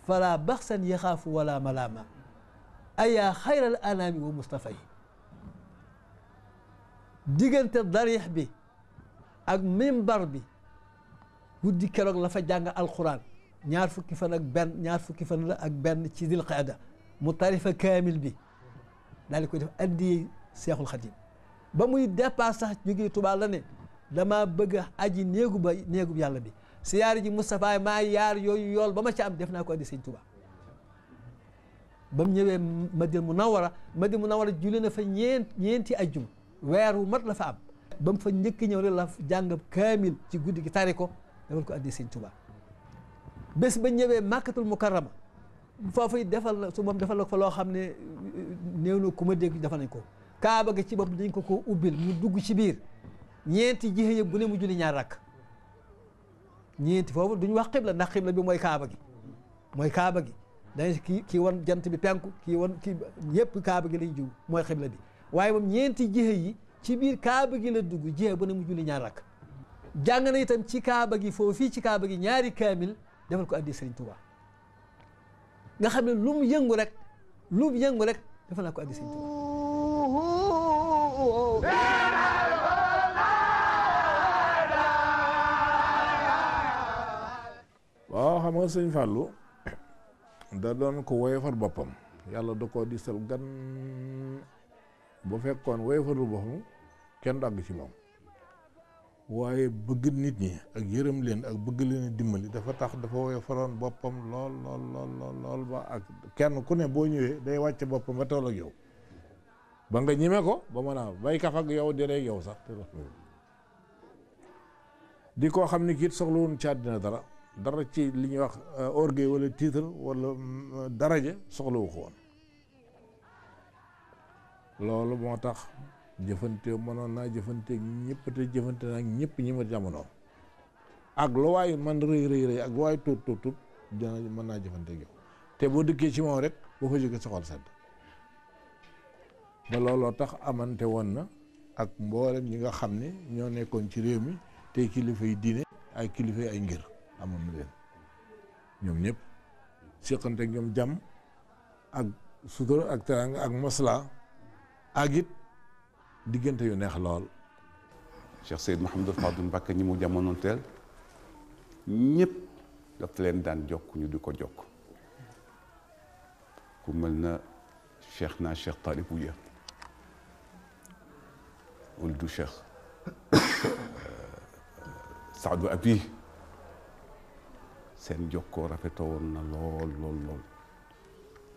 fala baxsan yaxaafu wala malaama ay xayral anaami wa mustafa yi diggante dariix bi ak mimbar bi guddi keroog la fa jàng alquran ñaar fukki fan ak benn ñaar fukki fan la ak benn ci dil qaada mu tarifa kaamil bi daal di koy def addiye seexul xadim ba muy dépasse sax jógee Tuubaa la ne dama bëgg aji néegu ba néegu yàlla bi siyaari ji Moustapha maa yaar yooyu yool ba ma ca am def naa ko addi sëñ Tuubaa ba mu ñëwee Madina Munawara Madina Munawara julli na fa ñeen ñeenti ajjuma weer wu mat la fa am ba mu fa njëkk ñëw rek la jàngab kaamil ci guddi gi tari ko dama ko addi Sëñ Tuubaa bés ba ñëwee Màkkatul Mukarrama foofu defal na su moom defal na ko fa loo xam ne néew na ku ma dégg defal nañ ko kaaba gi ci bopp dañ ko ko ubbil mu dugg ci biir ñeenti ji yëpp bu ne mu julli ñaar rakk ñeenti foofu duñu wax xibla ndax xibla bi mooy kaaba gi mooy kaaba gi dañ kii kii wan jant bi penku kii wan kii yëpp kaaba gi lay jiw mooy xibla bi waaye moom ñeenti jihe yi ci biir kaaba gi la dugg jihe ba na mu julli ñaar rakk jàng na itam ci kaaba gi foofii ci kaaba gi ñaari kaamil defal ko addi Sëriñ Tuubaa nga xam ne lu yëngu rek lu yëngu rek defal naa ko addi Sëriñ Tuubaa waaw xam nga sëñ Fallou da doon ko woyofal boppam yàlla da ko diisal gan bu fekkoon woyofalul boppam kenn dàgg ci moom waaye bëgg nit ñi ak yërëm leen ak bëgg leen dimbali dafa tax dafa woyofaloon boppam lool lool lool lool ba ak kenn ku ne boo ñëwee day wàcce boppam ba toll ak yow ba nga ñime ko ba mën a bay kaf ak yow di rey yow sax mm. di koo xam ni kiit soxlawuñ ci àddina dara dara ci li ñuy wax euh, orgueil wala titre wala euh, daraja soxlawu ko woon loolu moo tax jëfante mënoon naa jëfante ñëpp te jëfante nag ñëpp ñi ma jamono ak lu waay man rëy rëy rëy ak lu waay tuut tuut tuut dina mën naa jëfante ak te boo dikkee ci moom rek boo fa jógee soxal sedd ba looloo tax amante woon na ak mboolem ñi nga xam ni ñoo nekkoon ci réew mi tey kilifa yi diine ay kilifa ay ngir amoon na ñoom ñëpp seqante ak ñoom jàmm ak sutura ak teranga ak moslaa ak it diggante yu neex lool Cheikh Seyd Mouhamadou Fadou Mbacké ñi mu jamono teel ñépp daf leen daan jokk ñu di ko jokk ku mel na cheikh naa cheikh Talib Ouya wul du cheikh euh, Saadu Abi seen jokkoo rafetoo woon na lool lool lool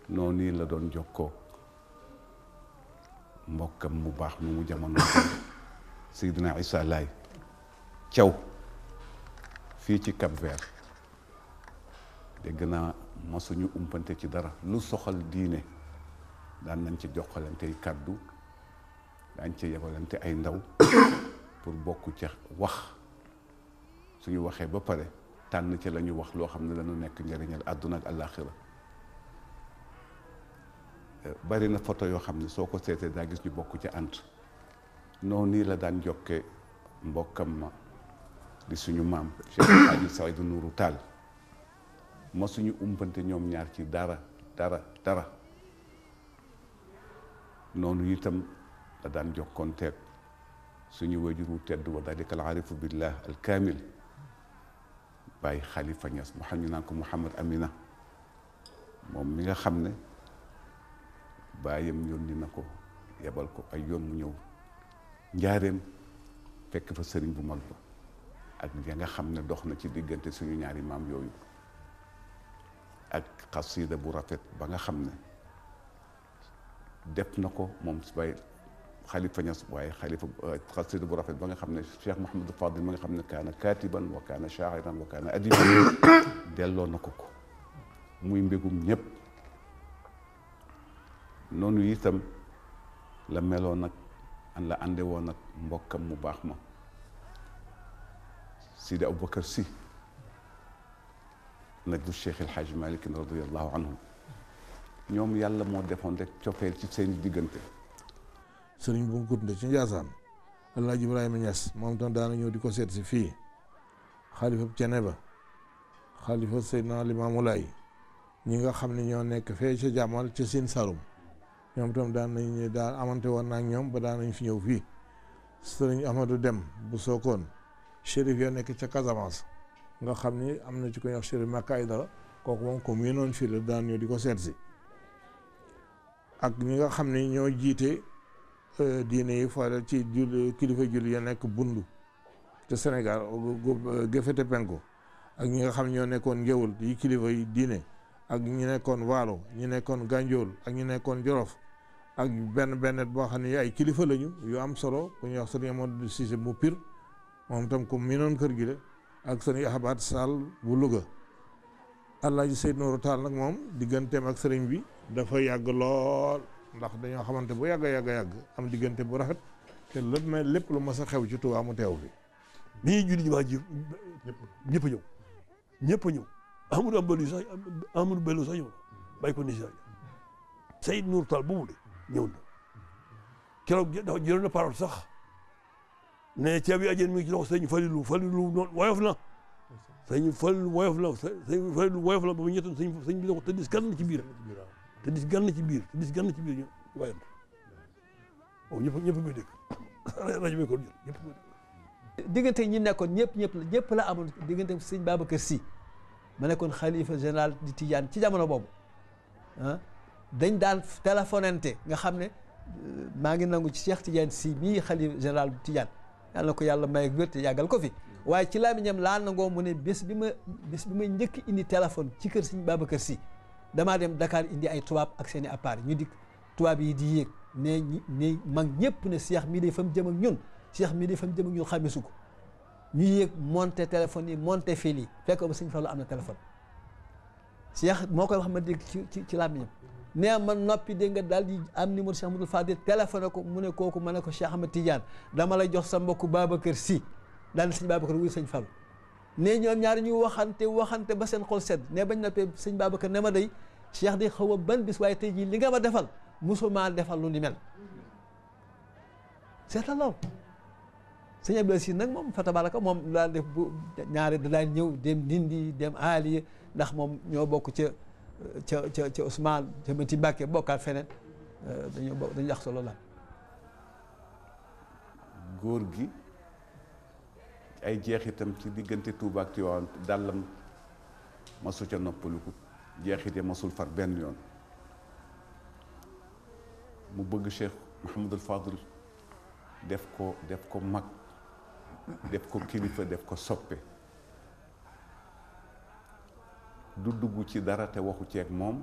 noonu la doon jokkoo mbokkam mu baax mu mu jamono Seydina Issa Laay caw fii ci Cap Vert dégg naa masuñu umpante ci dara lu soxal diine daan nañ ci joxalantey kàddu daañ ci yebalante ay ndaw pour bokk ca wax suñu waxee ba pare tànn ci la wax loo xam ne dañu nekk njëriñal àdduna ak àllaaxira bari na photo yoo xam ne soo ko seetee daa gis ñu bokk ci ant noonu nii la daan jokke mbokkam ma di suñu maam Cheikh Hadji Seydou Nourou suñu umpante ñoom ñaar ci dara dara dara noonu daan jokkoon teeg suñu wajuru tedd wa dalika al arifu billah bàyyi xalifa Niass mu xam naa naan ko Mouhamad Amina moom mi nga xam ne bàyyam yónni na ko yebal ko ay yoon mu ñëw njaareem fekk fa sëriñ bu mag ba ak ya nga xam ne dox na ci diggante suñu ñaari maam yooyu ak xasida bu rafet ba nga xam ne def na ko moom si bay xalifa Ñas waaye xalifa euh, xasida bu rafet ba nga xam ne Cheikh Mouhamadou Fadil ba nga xam ne kaana katiban wa kaana shaa'iran wa kaana adiban delloo na ko ko muy mbégum ñëpp noonu itam la meloo nag an la ànde woon nag mbokkam mu baax ma Sidi Aboubacar Sy najdu Cheikh El Hadj Malick radiyallahu anhu ñoom yàlla moo defoon rek cofeel ci seen diggante sëriñ bu mu kutnde ci Njaasaan Alaaji Ibrahima Ñas moom tam daana ñëw di ko seet si fii xalifa Ceneba xalifa Seydina Limaamu Laay ñi nga xam ne ñoo nekk fee ca jàmmal ca Siin Saalum ñoom tam daan nañ daan amante woon naag ñoom ba daan nañ fi ñëw fii sëriñ Ahmadou Dem bu Sookoon chérif yoo nekk ca Casamance nga xam ni am na ci ko ñuy wax chérif Makka ay dara kooku moom ko mu noon fii daan ñëw di ko seet si ak ñi nga xam ne ñoo jiite Euh, diine yi faral ci jul kilifa jul ya nekk bundu te Sénégal géfete euh, penko ak ñi nga xam ñoo nekkoon ngéwul yi kilifa yi diine ak ñu nekkoon waalo ñu nekkoon gànjool ak ñu nekkoon jolof ak benn bennet boo xam ne ay kilifa lañu yu am solo ku ñuy wax sëriñ Amadou Cissé bu Pire moom tam ku miinoon kër gi la ak sëriñ Ahabaat Sall bu Louga Alaaji Seydou Nourou Tall nag moom digganteem ak sëriñ bi dafa yàgg lool ndax dañoo xamante bu yàgg a yàgg yàgg am diggante bu rafet te lépp mais lépp lu mas a xew ci Tuubaa mu teew fi bi ñuy julli jumaa ji ñëpp ñëw ñëpp ñëw Amadou Ambali sax Amadou Bello sax ñëw bàyyi ko Nigeria Seyd Nour Tall bu mu de ñëw na keroog jëloon na parole sax ne ceeb yi ajeen mi ngi ci loxo sëñ Falilu Falilu woyof na sëñ Falilu woyof Falilu woyof na ba mu ñettoon sëñ bi ne ko tëddis kan la ci biir te dis gan na ci biir te dis gan ci biir ñu waayant moom ñëpp ñëpp koy dégg rajo bi ko jël ñëpp koy ñi nekkoon ñëpp ñëpp la ñëpp la amoon diggante sëñ Babacar Sy ma nekkoon xalifa général di Tidiane ci jamono boobu ah, dañ daan téléphonante nga xam ne euh, maa ngi nangu ci Cheikh Tidiane Sy mii xalifa général di Tidiane yàlla na ko yàlla may ak te yàggal ko fi waaye ci làmmiñam laa nangoo mu ne bés bi ma bés bi ma njëkk indi téléphone ci kër sëñ Babacar Sy damaa dem Dakar indi ay tubaab ak seeni i appareil ñu dikk tubaab yi di yéeg ne ne mag ñëpp ne seex mii day fa mu jëm ak ñun seex mii day fam mu jëm ak ñun xamisu ko ñu yéeg monté téléphone yi monté fii yi fekk ba sëñ Fallu am na téléphone seex moo koy wax ma dégg ci ci ci làmmiñam nee ma noppi dégg nga daal di am numéro Cheikh Amadou Fadil téléphoné ko mu ne kooku ma ne ko Cheikh ma Tidiane dama lay jox sa mbokku Babacar si daal di sëñ Babacar wuy sëñ Fallu ne ñoom ñaari ñu waxante waxante ba seen xol sedd ne bañ noppee sëñ Babacar ne ma day Cheikh di xaw a ban bis waaye tey jii li nga ma defal musuma defal lu ni mel seetal lool sëñ Abdou Aziz nag moom fa tabaraka moom daal def bu ñaari da daan ñëw dem Ndindi dem Aliya ndax moom ñoo bokk ca ca ca ca Ousmane ca Mati Mbàkke bokkaat feneen dañoo bokk dañu jaxasoo loolu la góor gi ay jeexitam ci diggante Touba ak Tiwaawan dàllam masu ca noppaliku jeexit de masul far benn yoon mu bëgg Cheikh Mouhamadul Fadl def ko def ko mag def ko kilifa def ko soppe du dugg ci dara te waxu ceeg moom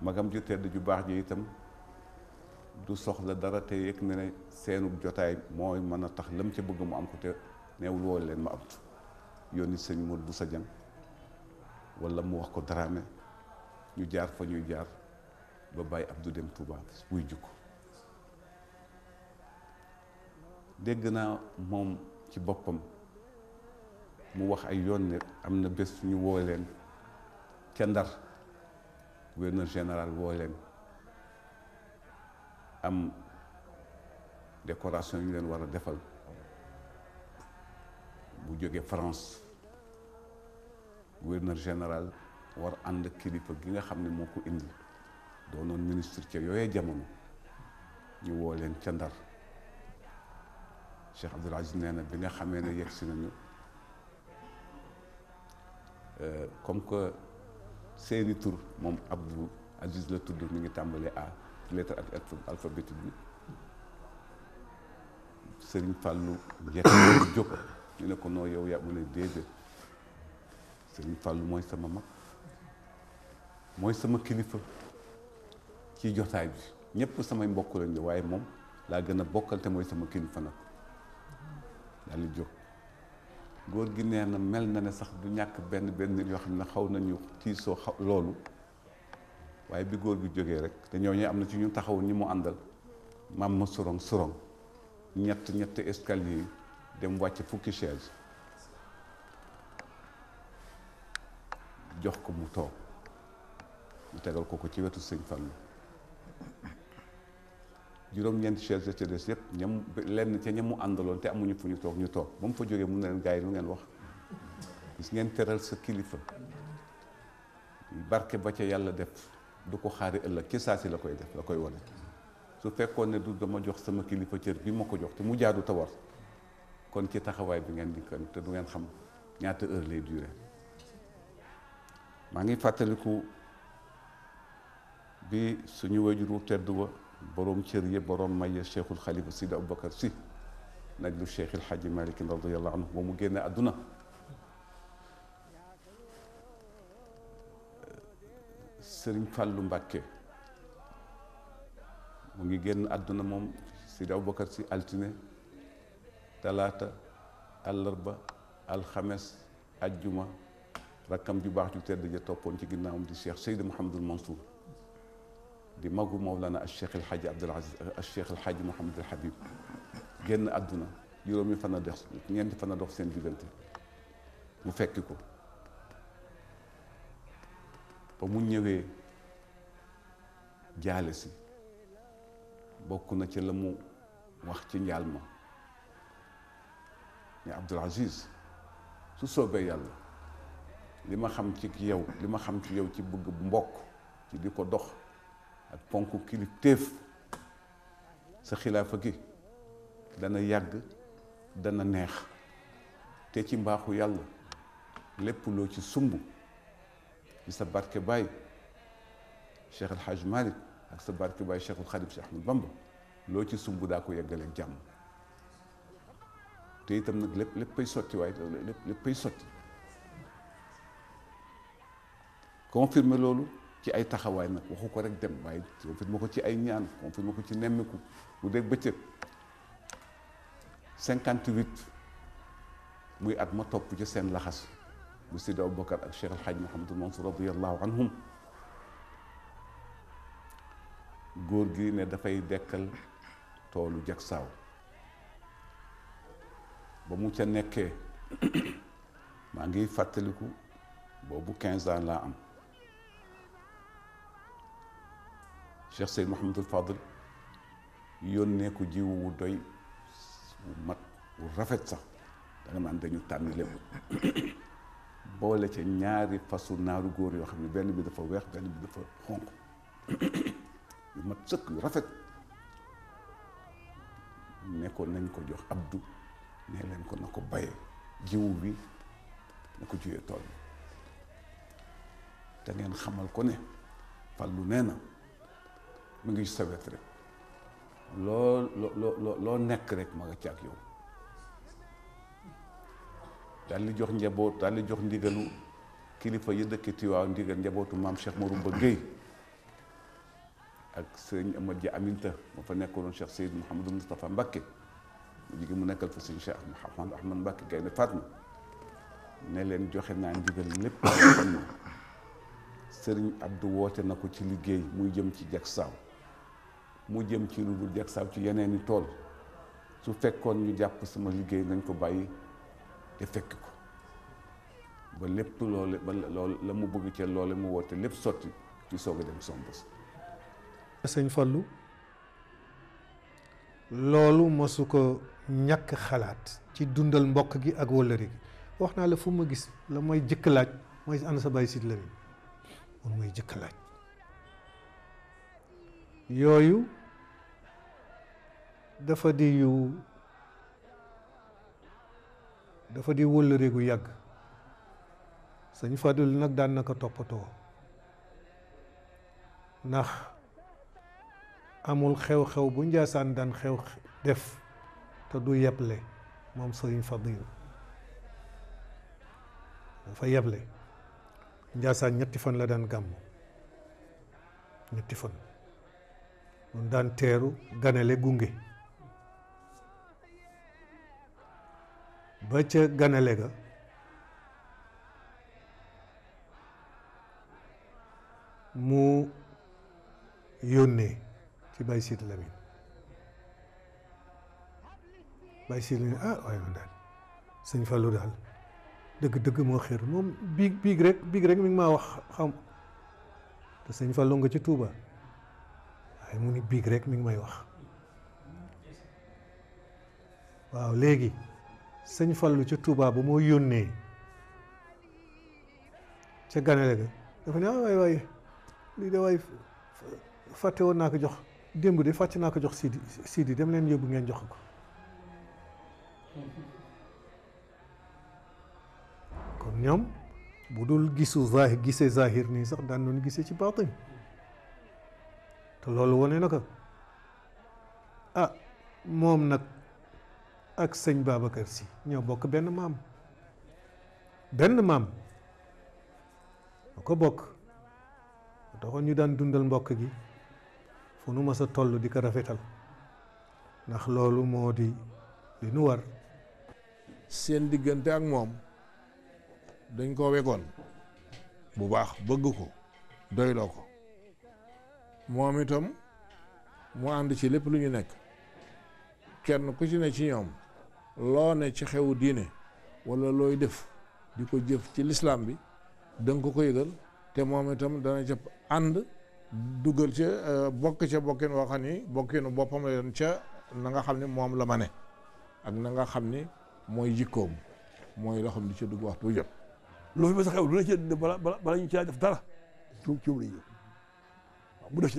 magam ju tedd ju baax ji itam du soxla dara te yëg na ne seenu jotaay mooy mën a tax lam ca bëgg mu am ko te neewul woo leen ma am yónni sëñ Mor bu sa jang wala mu wax ko Dramé ñu jaar fa ñuy jaar ba bàyyi Abdou dem Touba buy jukk dégg naa moom ci boppam mu wax ay yoon am na bés ñu woo leen ca Ndar gouverneur général woo leen am décoration yu ñu leen war a defal bu jógee France gouverneur général war ànd kilifa gi nga xam ne moo ko indi doonoon ministre ca yooyee jamono ñu woo leen ca Ndar Cheikh Abdoul Aziz nee na bi nga xamee ne yegg si nañu euh, comme que seeni tur moom Abdou Aziz la tudd mi ngi tàmbalee a lettre ak alphabétique bi Serigne Fallou njëkk a jóg ñu ne ko noo yow yaa mu ne déedéet Serigne Fallou mooy sama mag mooy sama kilifa ci jotaay bi ñëpp samay mbokk lañ la waaye moom laa gën a bokkal te mooy sama kilifa nag daal di jóg góor gi nee na mel na ne sax du ñàkk benn benn yoo xam ne xaw nañu tiisoo xaw loolu. waaye bi góor bi jógee rek te ñoo ñooñu am na ci ñu taxaw ñi mu àndal am ma sorong sorong ñett ñett escalier dem wàcc fukki chaise jox ko mu toog mu tegal ko ko ci wetu sëñ Fallu juróom-ñeenti chaise ya ca des yëpp ñam lenn ca ñam mu àndaloon te amuñu fu ñu toog ñu toog ba mu fa jógee mun na leen gars yi lu ngeen wax gis ngeen teral sa kilifa barke ba ca yàlla def du ko xaari ëllëg ci saa si la koy def la koy wane su fekkoon ne du dama jox sama kilifa cër bi ma ko jox te mu jaadu tawar kon ci taxawaay bi ngeen di kon te du ngeen xam ñaata heure lay duré maa ngi fàttaliku bi suñu wajuru tedd ba boroom cër yi boroom maye cheikhul xalifa sidi aboubacar si naj lu cheikh ilhaaji malikin radiallahu anhu ba mu génne àdduna sëriñ Fàllu Mbàkke mu ngi génn àdduna moom Sidi Aboubacar si altine talaata àllarba alxames ajjuma rakkam ju baax ju tedd ja toppoon ci ginnaawam di cheikh mu Mouhamadul Mansour di magu Mawlana al cheikh El Hadj Abdoul Aziz al cheikh El Hadj Mouhamad al Habib génn àdduna juróomi fan a dox ñeenti fan a dox seen diggante mu fekki ko. ba mu ñëwee jaale si bokk na ci la mu wax ci njaal ma ne Abdul Aziz su soobee yàlla li ma xam ci yow li ma xam ci yow ci bëgg bu mbokk ci di ko dox ak ponk kilif téef sa xilaafa gi dana yàgg dana neex te ci mbaaxu yàlla lépp loo ci sumb ci sa barke baay Cheikh El Hadj ak sa barke baay Cheikhul Khadim Cheikh Ahmadou Bamba loo ci sumb daa ko yeggale ak jàmm te itam nag lépp léppay sotti waaye lépp léppay sotti confirmer loolu ci ay taxawaay nag waxu ko rek dem waaye confirmer ko ci ay ñaan confirmer ko ci nemmiku bu dee bëccëg cinquante-huit muy at ma topp ci seen laxas bu Sidi Aboubacar ak Cheikh Alxaaj Mouhamadul Mansour radiallahu anhum góor gi ne dafay dekkal toolu jagsaaw ba mu ca nekkee maa ngi fàttaliku boobu quinze ans laa am Cheikh Seyd Mouhamadul Fadil yónnee ko jiw wu doy wu mat wu rafet sax da nga naan dañu tànn lépp boole ca ñaari fasu naaru góor yoo xam ne benn bi dafa weex benn bi dafa xonq yu mat sëkk yu rafet nekkoon nañ ko jox abdu ne leen ko na ko baye jiwu bi na ko jiyee tool te ngeen xamal ko ne fàllu nee na mu ngi sawet rek loo loo loo loo nekk rek ma nga caag yow daal di jox njaboot daal jox ndigalu kilifa yi dëkk Tiwaawan ndigal njabootu maam Cheikh Maroumba Guèye ak sëñ Amad Dia Aminta ma fa nekkoon Cheikh Seydou Mouhamadou Moustapha Mbacke mu jigéen mu nekkal fa sëñ Cheikh Mouhamadou Ahmad Mbacke Gaynde Fatma ne joxe naa ndigal lépp xam na sëriñ Abdou woote na ko ci liggéey muy jëm ci Jaksaaw mu jëm ci lu dul Jaksaaw ci yeneen yeneeni tool su fekkoon ñu jàpp sama liggéey nañ ko bàyyi te fekk ko ba lépp loole la mu bëgg ca loole mu woote lépp sotti ci soog a dem sombos sëñ Fallu loolu mosu ko ñàkk xalaat ci dundal mbokk gi ak wëllëre gi wax naa la fu ma gis la mooy jëkk laaj mooy ana sa bàyyi sid lamin mooy jëkk laaj yooyu dafa di dafa di wëllëre gu yàgg sëñ Fadil nag daan na ko toppatoo ndax amul xew-xew bu njaasaan daan xew def te du yeble moom sëñ Fadil dafa yeble njaasaan ñetti fan la daan gàmm ñetti fan mun daan teeru ganale gunge ba ca ganale ga mu yónnee ci bay siit lamin bay siit lamin ah waaye man daal sëñ Fallou daal dëgg dëgg moo xér moom biig biig rek biig rek mi ngi maa wax xam te sëñ Fallou nga ci tuuba waaye mu ni biig rek mi ngi may wax waaw léegi sëñ Fallu ca Touba ba moo yónnee ca ganale ga dafa ne ah, waay waay lii de waay fàtte woon naa ko jox démb de fàcc naa ko jox Sidi Sidi dem leen yóbbu ngeen jox ko kon ñoom bu dul gisu zahir gisee zahir nii sax daan doon gisee ci baatin te loolu wane na ko ah moom nag ak sëñ kër si ñoo bokk benn maam benn maam ñoo ko bokk taxoon ñu daan dundal mbokk gi fu nu mës a toll di ko rafetal ndax loolu moo di li nu war seen diggante ak moom dañ ko wegoon bu baax bëgg ko doyloo ko moom itam mu ànd ci lépp lu ñu nekk kenn ku ci ne ci ñoom loo ne ci xewu diine wala looy def di ko jëf ci lislaam bi da ko ko yëgal te moom itam dana ca ànd dugal ca euh, bokk ca bokkin woo xam bokkinu boppam la ca na xam ne moom la ma ak na nga xam ni mooy jikkoom mooy loo xam di ca dugg waxtu bu jot loo fi ma sa xew lu ne ci bala bala ñu caa def dara cuub cuub la ñu bu def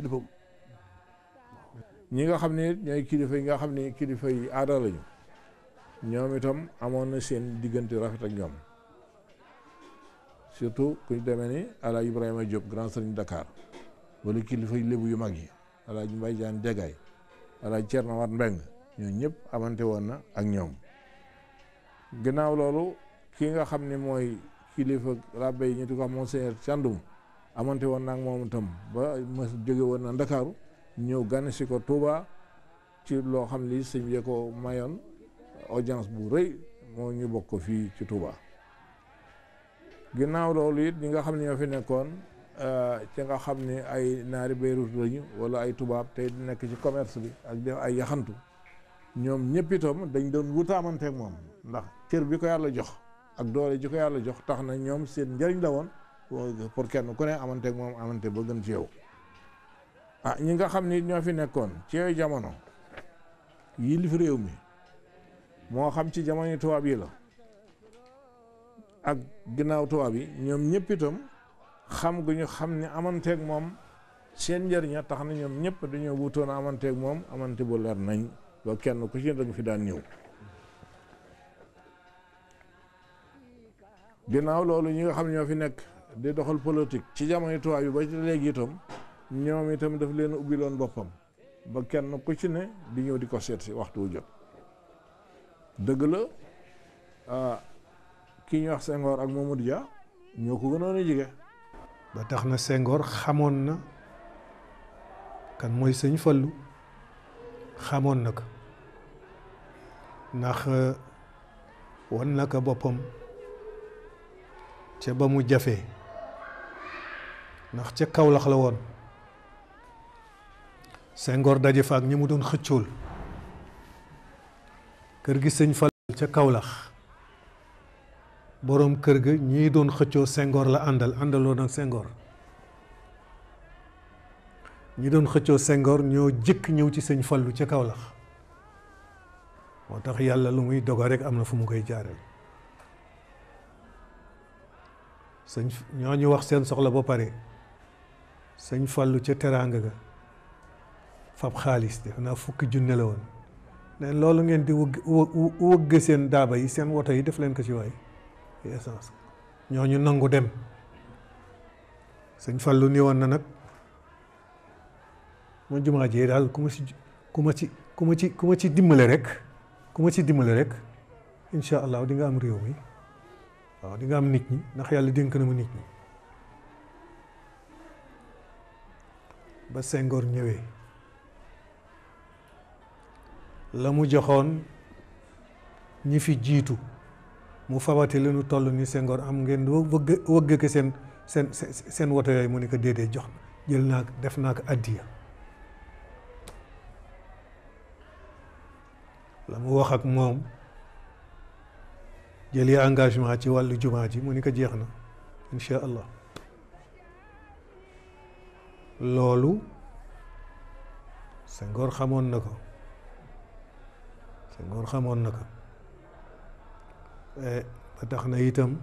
nga xam ne ñooy kilifa yi nga xam ne kilifa yi aada ñoom itam amoon na seen diggante rafet ak ñoom surtout ku ñu demee ni Alaaji Ibrahima Diop grand dakaar Dakar wala kilifa yu lébu yu mag yi Alaaji Mbaye Diagne Dégay Alaaji Thierno Wat Mbeng ñooñu ñëpp amante woon na ak ñoom ginnaaw loolu ki nga xam ni mooy kilifa rabbe yi ñu di ko monseigneur Thiandoum amante woon na ak moom itam ba ma jóge woon na Ndakaaru ñëw gan si ko Touba ci loo xam li si bi ko mayoon audience bu rëy moo ñu bokk fii ci Touba ginnaaw loolu it ñi nga xam ne ñoo fi nekkoon euh, ci nga xam ne ay naari Beyrouth lañu wala ay tubaab tey di nekk ci commerce bi ak ay yaxantu ñoom ñëpp itam dañ doon wutaamanteeg moom ndax cër bi ko yàlla jox ak doole ji yàlla jox tax na ñoom seen njëriñ la woon pour kenn ku ne amanteeg moom amante ba gën ci yow ah, ñi nga xam ni ñoo fi nekkoon ci jamono yilif réew mi moo xam ci jamono tubaab yi la ak ginnaaw tuwaab yi ñoom ñëpp itam xam gu ñu xam ni amanteeg moom seen njëriñ tax na ñoom ñëpp dañoo wutoon amanteeg moom amante bu leer nañ ba kenn ku ci danga fi daan ñëw ginnaaw loolu ñi nga xam ne ñoo fi nekk di doxal politique ci jamono tubaab yi ba ci léegi itam ñoom itam daf leen ubbi boppam ba kenn ku ci ne di ñëw di ko seet waxtu wu jot dëgg la ah, ki ñuy wax sengoor ak Mamadou Dia ñoo ko gënoon a ba tax na Senghor xamoon na kan mooy sëñ Fallu xamoon na ko ndax eh, wan na ko boppam ca ba mu jafee ndax ca Kawlax la woon Senghor daje fa ak ñi mu doon xëccool kër gi sëñ Fallu ca Kawlax boroom kër ga ñii doon xëccoo sengoor la àndal àndaloon ak sengoor ñi doon xëccoo sengoor ñoo jëkk ñëw ci sëñ Fallu ca Kawlax moo tax yàlla lu muy doga rekk am na fu mu koy jaareel sëñ ñoo ñu wax seen soxla ba pare sëñ Fallu ca teraanga ga fab xaalis def naa fukki junne la woon neen loolu ngeen di wëgg wëgg seen daaba yi seen woto yi daf leen ko ci waay ñoo ñu nangu dem sëñ Fallu ni woon na nag ma jumaa jee daal ku ma ci ku ma ci ku ma ci ku ma ci dimbale rek ku ma ci dimbale rek incha allah di nga am réew mi waaw dinga am nit ñi ndax yàlla dénk na mu nit ñi ba Senghor ñëwee la mu joxoon ñi fi jiitu mu fabati li nu toll ni Senghor am ngeen wëgg wëgg ko seen seen seen woto yooyu mu ne ko déedéet jox na jël naa def naa ko addiya la mu wax ak moom jël jëlee engagement ci wàllu jumaa ji mu ni jeex na incha allah loolu Senghor xamoon na ko Senghor xamoon na ko e, ba tax na itam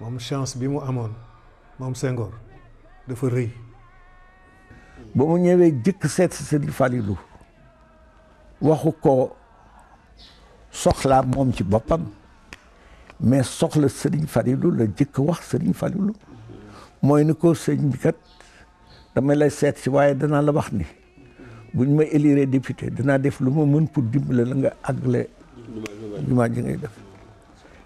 moom chance bi mu amoon moom Senghor dafa rëy ba mu ñëwee jëkk seet si Sëriñ Falilu waxu ko soxlaa moom ci boppam mais soxla Sëriñ Falilu la jëkk wax Sëriñ Falilu mooy ni ko sëñ bi kat damay lay seet si waaye danaa la wax ni bu ñu ma élire député dinaa def lu ma mën pour dimbale la nga àggale jumaa ji ngay def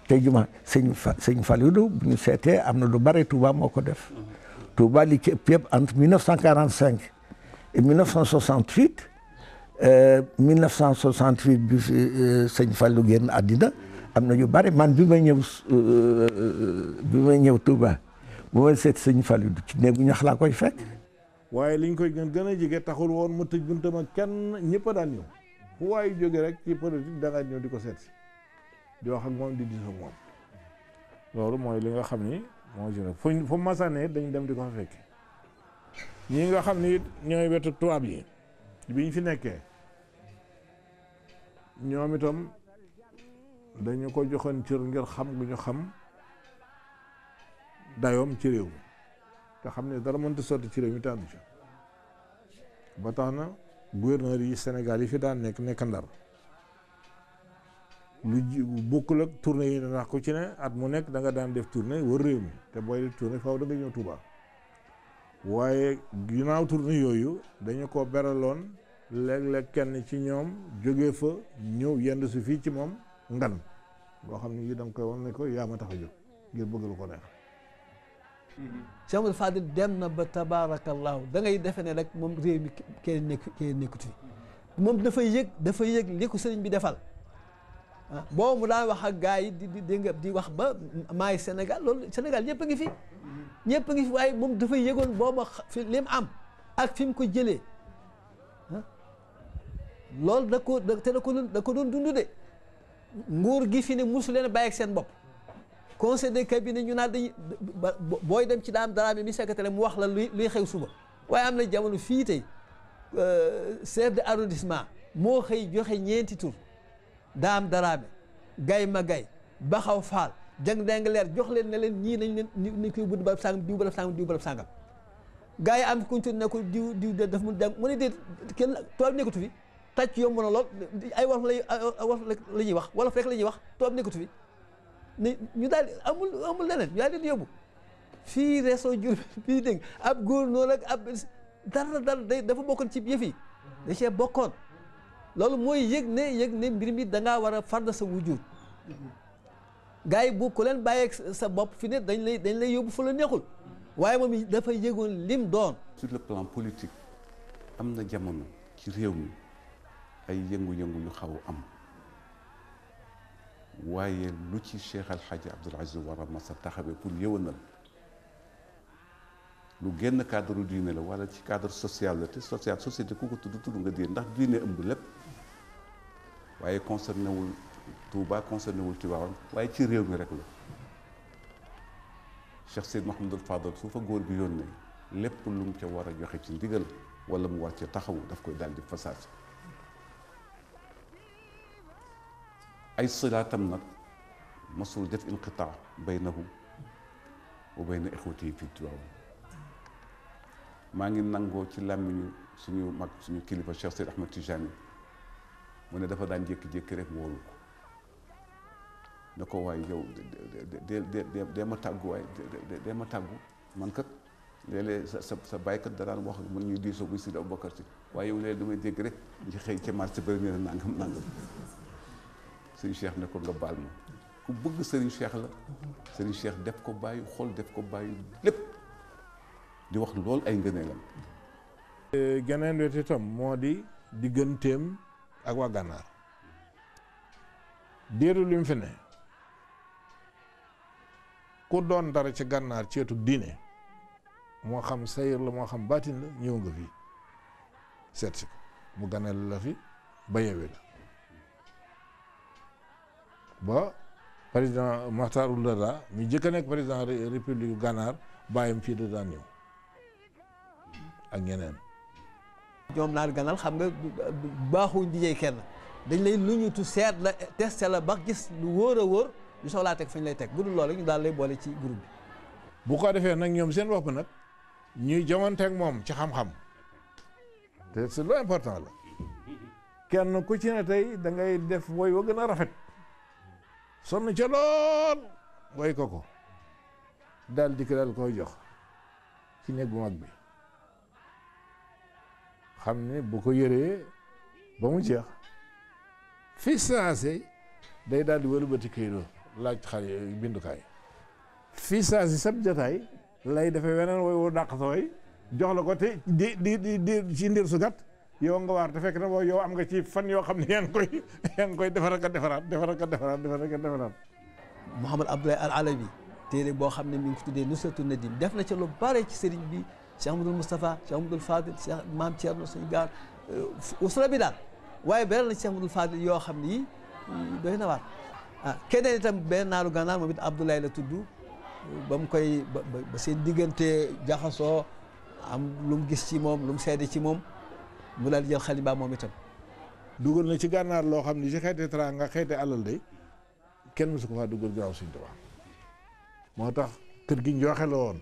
te juma sëñ fa sëñ Falilou bu ñu seetee am na lu bare Touba moo ko def Touba li ci ëpp yëpp entre 1945 et 1968 1968 euh, bi euh, sëñ Falilou génn àddina am na yu bare man bi ma ñëw euh, bi ma ñëw Touba bu ma seet sëñ Falilou ci néegu ñax laa koy fekk waaye liñ koy gën gën a jege taxul woon mu tëj buntam kenn ñëpp daan ñëw fu waayu jóge rek ci politique da di ko seet si di wax ak moom di diisoo moom loolu mooy li nga xam ni moo ci rek fuñ fu masanee dañ dem di ko fa fekke ñi nga xam ni ñooy wetu tubaab yi ñu fi nekkee ñoom itam dañu ko joxoon cër ngir xam gu ñu xam dayoom ci réew mi te xam ne dara mënta sotti ci réew mi te ci ba tax na gouverneur yi Sénégal yi fi daan nekk nekk ndar lu bokkul ak tournée yi ndax ku ci ne at mu nekk danga daan def tournée wër réew mi te booy def tournée faaw da nga ñëw Touba waaye ginnaaw tournée yooyu dañu ko beraloon léeg-léeg kenn ci ñoom jóge fa ñëw yend si fii ci moom ngan loo xam ne yi da koy wan ne ko yaa ma tax a jóg ngir bëgg lu ko neex se Amadou Fadil dem na ba tabaarakallaahu da ngay defe ne rek moom réew mi kenn nekk kenn nekkut fi moom dafa yëg dafa yëg li ko sëriñ bi defal ah boobu mu daan wax ak gaa yi di di di wax ba maay senegal lool Sénégal ñëpp a ngi fi. ñëpp a ngi moom dafay yëgoon booba fi li mu am ak fi mu ko jëlee ah, loolu da ko te da doon da ko doon dund de nguur gi fi ne musu leen bàyyi ak seen bopp. conseil de cabinet ñu naan dañuy booy dem ci daam daraame mi secrétaire mu wax la luy luy xew suba waaye am na jamono fii tey euh, chef de arrondissement moo xëy joxe ñeenti tur daam daraame gay ma gay baxaw faal jang deng leer jox leen ne leen ñii nañ leen ni koy budd barab sàngam diw barab sàngam diw barab yi am kuñ tudd ne ko diw diw de daf mun jàng mu ne déet kenn tubaab nekkatu fi tàcc yomb na lool ay wolof lay ay wolof la ñuy wax wolof rek la ñuy wax tubaab nekkatu fi ñu daal amul amul leneen ñu daal leen yóbbu fii réseau Diourbel fii dégg ab góor noonu ak ab dara dara day dafa bokkoon ci yëf yi bokkoon loolu mooy yëg ne yëg ne mbir mi da war a farda sa wujur gars yi bu ku leen bàyyeeg sa bopp fi ne dañ lay dañ lay yóbbu fa la neexul waaye moom dafa yëgoon lim doon sur le plan politique am na jamono ci réew mi ay yëngu-yëngu yu xaw am waaye lu ci Cheikh Alxaaji Abdul Aziz war a mas a taxawee pour yëwanal lu génn cadre diine la wala ci cadre social la te social société ku ko tudd tudd nga diine ndax diine ëmb lépp waaye concerné wul Touba concerné wul Tivaouane waaye ci réew mi rek la Cheikh Seyd Mahamadul Fadal su fa góor bi yónnee lépp lu mu ca war a joxe ci ndigal wala mu war ca taxawu daf koy daal di fasaasi ay silaatam nag masul def inqitaa baynahu wa bayna ixwati yi fii Tiwaawan maa ngi nangoo ci làmmiñu suñu mag suñu kilifa Cheikh Seyd Ahmed Tijani mu ne dafa daan jékki-jékki rek wóolu ko ne ko waaye yow de de de ma tàggu de ma tàggu man kat sa sa sa bàyyikat da daan wax mën ñuy diisoo bu si Abubakar si waaye yow léeg-léeg damay dégg rek ñu xëy ca marché bëri ñu nangam nangam. sëriñ Cheikh ne ko nga baal ma ku bëgg sëriñ Cheikh la sëriñ Cheikh def ko bàyyi xool def ko bàyyi lépp di wax lool ay ngëneelam e, geneen wet itam moo di digganteem ak waa gànnaar diiru li mu fi ne ku doon dara ci gànnaar ceetu diine moo xam sayir la moo xam baatin la ñëw nga fi seet si ko mu ganal la fi ba yewe la ba président Mahtar de Daddah mi jëkk a nekk président république gànnaar bàyyam fii da daan ñëw ak ñeneen. ñoom naar ganal xam nga baaxuñ di kenn dañ lay lu ñu tu seet la testé la ba gis lu wóor a wóor ñu soxlaa teg fañ lay teg bu dul loolu ñu daal lay boole ci groupe bi. bu ko defee nag ñoom seen bopp nag ñuy jamanteeg moom ci xam-xam te c'est lu important la kenn ku ci ne tey da ngay def woy wa gën a rafet. sonn ca lool way ko ko daal di daal koy jox ci néeg bu mag bi xam ne bu ko yëree ba mu jeex fi saase day daal di wëlbati këydo laaj xale bindukaay fi saase sab jataay lay dafay weneen way woo dàq sa way jox la ko te di di di ci ndir su gàtt yow nga waar fekk na boo yow am nga ci fan yoo xam ne yaa ngi koy yaa koy defar a defaraat defar ak a defaraat defar ak a defaraat Mouhamad Abdoulaye Al Alawi téere boo xam ne mi ngi ko tuddee Nusratu Nadim def na ca lu bare ci sëriñ bi Cheikh Amadou Moustapha Cheikh Amadou Fadil Cheikh Maam Thierno suñu gaar euh, usra bi daal waaye beral na Cheikh Amadou Fadil yoo xam ni yi doy na waar ah keneen itam benn naaru gànnaar moom it Abdoulaye la tudd ba mu koy ba seen diggante jaxasoo am lu mu gis ci moom lum mu ci moom mu daal di jël xalima moom itam. dugal na ci gànnaar loo xam ne ci xeeti nga xeeti alal de kenn mësu ko faa dugal gaaw Sëriñ Tuubaa moo tax kër gi njooxe la woon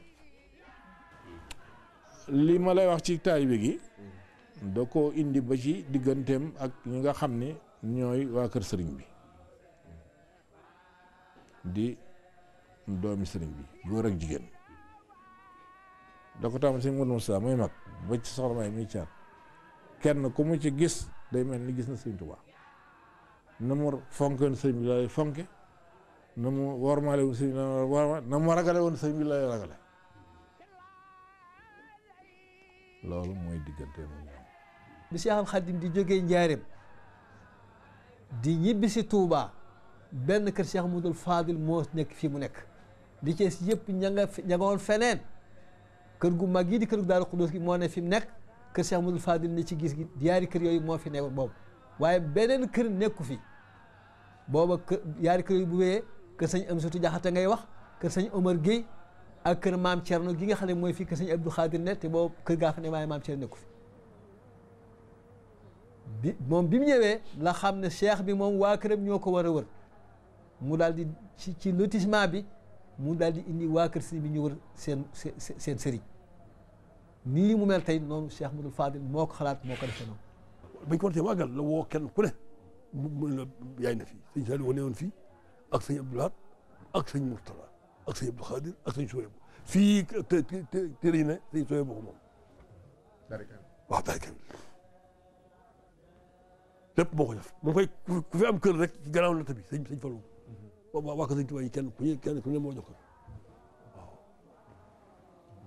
li ma lay wax ci taalibe gi da ko indi ba ci digganteem ak ñi nga xam ne ñooy waa kër sëriñ bi di doomi sëriñ bi góor ak jigéen da ko taamal sëriñ Modou Moussa mooy mag ba ci soxna may muy caat kenn ku mu ci gis day mel ni gis na sëñ Tuubaa na mu fonkoon sëñ bi lay fonke na mu wormaale woon sëñ bi mu ragale bi lay ragale loolu mooy diggante mu ñoom bi Seexul di jógee njaareem di ñibbi si Tuubaa benn kër Seex Mudul Faadil moo nekk fii mu nekk di cees yëpp ña nga ña feneen kër gu mag yi di kër gu Daaru Xudoos gi moo ne fi mu nekk kër Cheikh Amadou Fadil ni ci gis gi yaari kër yooyu moo fi nekk boobu waaye beneen kër nekku fi booba kë yaari kër yooyu bu wéyee kër sëñ Amsatu Jaxate ngay wax kër sañ Omar Guèye ak kër maam Thierno gi nga xam ne mooy fii kër sëñ Abdou Khadir ne te boo kër gaa fa ne waaye maam Thierno nekku fi bi moom bi mu ñëwee la xam ne cheikh bi moom waa këram ñoo ko war a wër mu daal di ci ci lotissement bi mu daal di indi waa kër sëñ bi ñu wër seen seen seen sëriñ nii mu mel tey noonu Cheikh Mouhamadoul Fadil moo ko xalaat moo ko defee noonu. bañ ko war a màggal la woo kenn ku ne mu ne la yaay na fii sëñ Saliou wane woon fii ak sëñ Abdou Lahad ak sëñ Mourtala ak sëñ Abdou Khadir ak sëñ Souhaïbou fii te te teel yi ne sëñ Souhaïbou ko moom. waaw barke lépp moo ko def moom am kër rek ci gannaaw natt bi sëñ sëñ Fallou mhm. waa waa ko sëñ Tuubaa yi kenn ku ñu kenn moo jox ko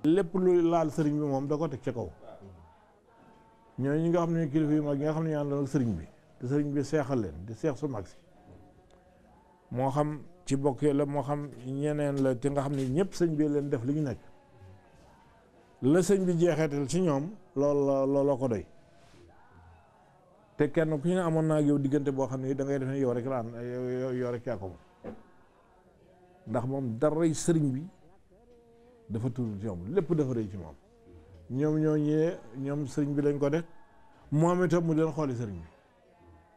lépp lu laal sëriñ bi moom da ko teg ca kaw ñooñu ñi nga xam ne kilifa yu mag yi xam ne ñoo àndoon ak sëriñ bi te sëriñ bi seexal leen di seex su mag si moo xam ci bokk la moo xam ñeneen la te nga xam ne ñëpp sëñ bi leen def li ñu nekk la sëñ bi jeexeetal ci ñoom lool la looloo ko dey te kenn ku ñu ne amoon naa yow diggante boo xam ne da ngay def ne yow rek la yow rek yaa ko moom ndax moom daray sëriñ bi dafa tuur ci moom lépp dafa rëy ci moom ñoom ñoo ñoom sëriñ bi lañ ko def moom itam mu leen xooli sëriñ bi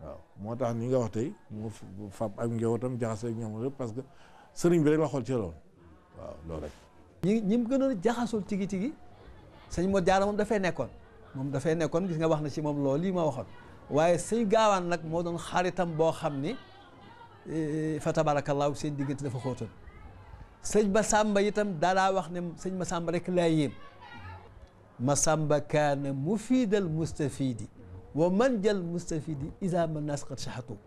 waaw moo tax ni nga wax tey mu fab ak njabootam jaxase ak ñoom rek parce que sëriñ bi rek la xool waaw loolu rek. ñi ñi mu gënoon jaxasul tigi tigi sëñ Modou Diarra moom dafay nekkoon moom dafay nekkoon gis nga wax na ci moom loolu lii ma waxoon waaye sëñ gaawaan nag moo doon xaritam boo xam ni eh, fa tabaarakallaahu seen diggante dafa xóotoon. sëñ ma sàmba itam dalaa wax ne sëñ ma sàmba rek laa yéem ma sàmba kaana mufiidal mustafidi wa man jal mustafidi isa man naas qad saxatu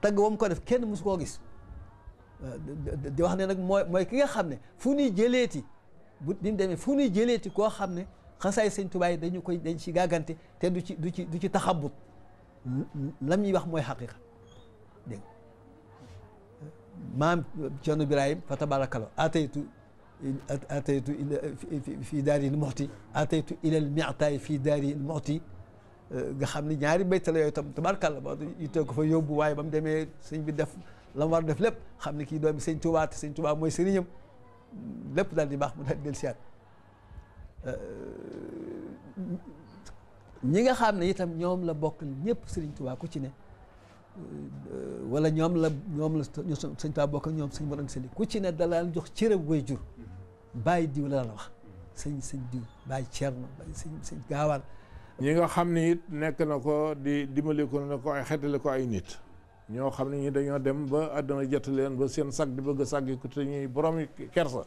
tagg wom ko def kenn mosu koo gis di wax ne nag mooy ki nga xam ne fu ñuy jëleeti bu di mu demee fu ñuy jëleeti koo xam ne xasaay sëñ dañu koy dañ ci gàggante te du ci du ci du ci taxabut lam ñuy wax mooy xaqiqa maam Cerno Birahim fa tabarakallah ataytu ataytu fii daari l moxti ataytu ilal mi'taay fii daari l moxti nga xam ne ñaari baytala yooyu tam tabarakallah ba ittee ko fa yóbbu waaye ba mu demee sëñ bi def la mu war def lépp xam ne kii doomi sëñ Tuubaa te sëñ Tuubaa mooy sëriñam lépp daal di baax mu daal di dellusiwaat ñi nga xam ne itam ñoom la bokk ñëpp sëriñ Tuubaa ku ci ne wala ñoom la ñoom la sëñ Tuubaa bokk ñoom sëñ Mor Anta Sali ku ci ne dalaal jox cërëb way jur mm-hmm. bàyyi diw la la wax sëñ sëñ diw bàyyi Ceerno bàyyi sëñ ñi nga xam ne nekk na ko di dimbale ko na ko ay xetali ko ay nit ñoo xam ne ñi dañoo dem ba àdduna jot leen ba seen sag di bëgg a sàggi ko te ñuy boromi kersa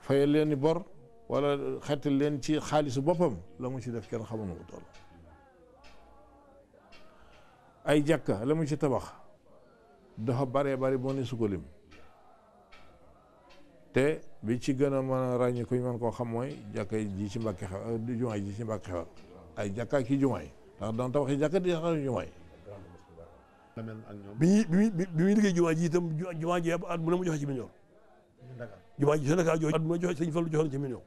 fayal leen i bor wala xetal leen ci xaalisu boppam la mu ci def kenn xamuñu ko toll ay jàkka la mu ci tabax dafa baree bari boo ne su te bi ci gën a mën a ràññee ku ñu mën koo xam mooy jàkka ji ci mbàkki xewal jumaa ji ci mbàkki xewal ay jàkka ki jumaa yi ndax daan tabax yi jàkka di bi ñuy bi muy liggéey jumaa ji itam jumaa ji at mu ne mu joxe ci million jumaa ji Sénégal jooju at mu ne joxe sëñ Fallu joxe ci million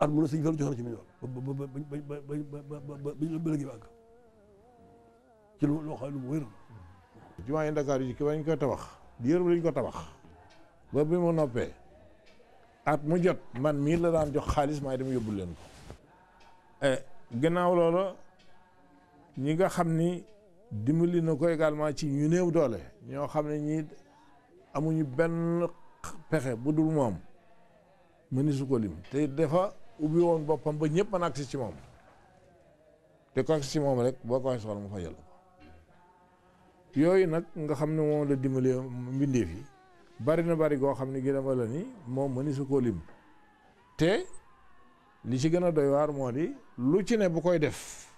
at mu ne sëñ Fallu joxe ci million ba ba ba ba ba ba ba ba ci lu loo xam ne lu wér. jumaa yi Ndakaar yi ki bañ ko tabax diir lañ ko tabax ba bi mu noppee at mu jot man mii la daan jox xaalis maay dem yóbbu leen ko. E, gannaaw loola ñi nga xam ni dimbali na ko également ci ñu néew doole ñoo xam ne ñii amuñu benn pexe bu dul moom mënisu ko lim te dafa ubbi woon boppam ba ñëpp mën agsi ci moom te ko agsi ci moom rek boo ko soxla mu fajal. yooyu nag nga xam ne moom la dimbali mbindeef yi bari na bari goo xam ne gi dama la ni moom mëni su koo lim te li ci gën a doy waar moo di lu ci ne bu koy def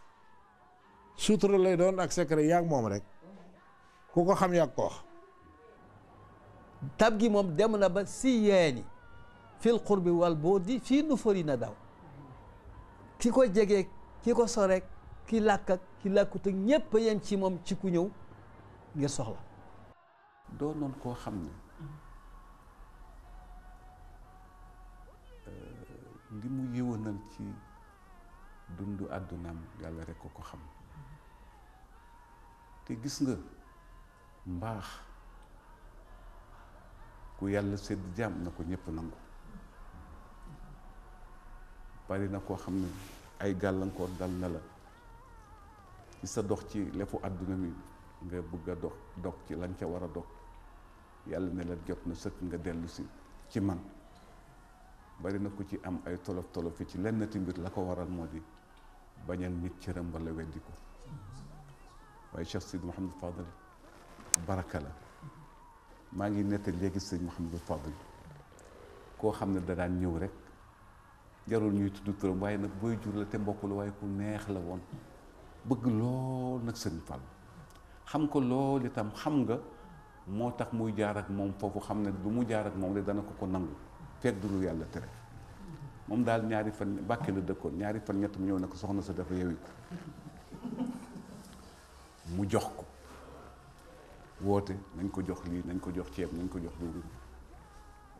sutura lay doon ak secret yaag moom rek ku ko xam yaag ko wax tab gi moom dem na ba si yeeni fil bi wal bu'di fii nufuri na daw ki ko jege ki ko sore ki làkk ak ki làkkut teg ñépp yem ci moom ci ku ñëw ngir soxla. doo noon koo xam ne li mm-hmm. mu yëwanal ci dundu àddunaam yàlla rekk ko xam mm-hmm. te gis nga mbaax ku yàlla sedd jaam na ko ñépp nangu mm-hmm. bari na koo xam ne ay gàllankoor dal na la ci sa dox ci lefu àdduna mi nga bëgg a dog dog ci lañ ca war a dog yàlla ne la jot na sëkk nga dellu si ci man bari na ku ci am ay tolof tolof yi ci lenn ti mbir la ko waral moo di bañal nit cëram wala weddi ko waaye Cheikh Sidi Mouhamadou Fadel baraka la maa ngi nettali léegi sëñ Mouhamadou Fadel koo xam ne da daan ñëw rek jarul ñuy tudd turam waaye nag booy jur la te mbokk la waaye ku neex la woon bëgg lool nag sëñ fal xam ko loolu itam xam nga moo tax muy jaar ak moom foofu xam ne du mu jaar ak moom de dana ko ko nangu fekk du lu yàlla tere moom daal ñaari fan bàkke la dëkkoon ñaari fan ñett mu ñëw ne ko soxna sa dafa yewi ko mu jox ko woote nañ ko jox lii nañ ko jox ceeb nañ ko jox dugub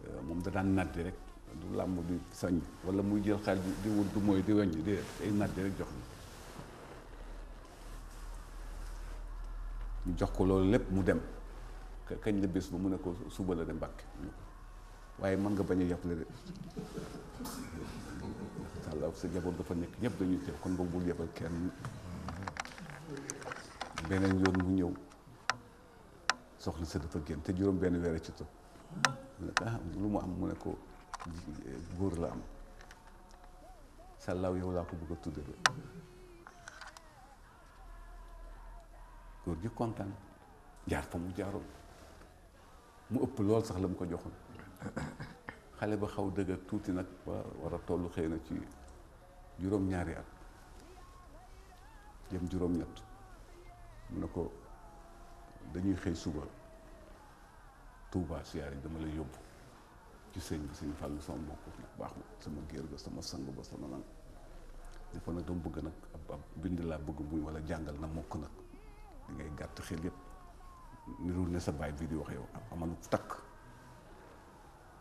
euh, moom da daan naddi rek du làmb du sañ wala muy jël xaalis di wut du mooy di weñ di ay naddi rek jox la ñu jox ko loolu lépp mu dem kañ la bés ba mu ne ko suba la dem Mbàkke waaye mën nga bañ a yàppale de sàlla sa jaboot dafa nekk ñëpp dañuy teew kon boobu bul kenn beneen yoon mu ñëw soxla sa dafa génn te juróom benn weer ci to ah, lu mu am mu ne ko góor la am sàllaaw yow laa ko bëgg a tudde góor gi kontaan jaar fa mu jaaroon mu ëpp lool sax la mu ko joxoon xale ba xaw dëgër tuuti nag ba war a toll xëy na ci juróom-ñaari at jëm juróom-ñett mu ne ko dañuy xëy suba Touba siyaare dama la yóbbu ci sëñ bi sëñ Fàllu sama mbokk bu baax ma sama géer ga sama sang ba sama nang dafa nag dama bëgg nag ab ab bind laa bëgg muy wala jàngal na mokk nag da gàtt xel yëpp nirul ne sa baay bii di wax yow amalu takk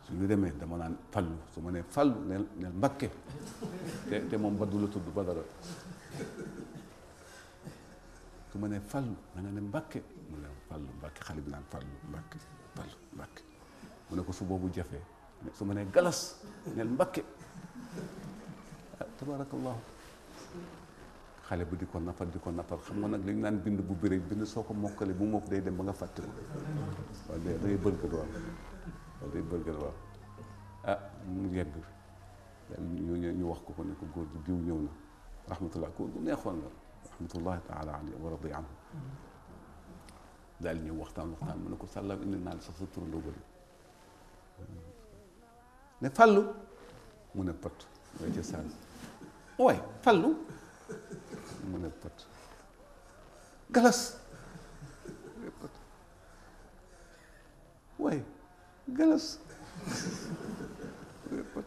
su demee dama naan fallu su ma nee fallu ne neel te moom ba du la tudd ba dara ma nee fallu ma ne mbakke mu ne fallu mbakke xale bi naan fallu mbakke fallu mbakke mu ne ko su boobu jafee su ma nee galas neel mbakke ah, tabarakallahu xale bi di ko nafar di ko nafar xam nga nag li naan bind bu bëri bind soo ko mokkale bu moof day dem ba nga fàtte ah, ñu wax ko ko ne ko góor gi diw ñëw na rahmatullah ko du neexoon la rahmatullahi taala alayhi waxtaan mu ne ko sàllaw indi naa la sax sa tur loo bëri ne mu ne pat mooy ca sàll waay mu ne pot galas waaye galas pot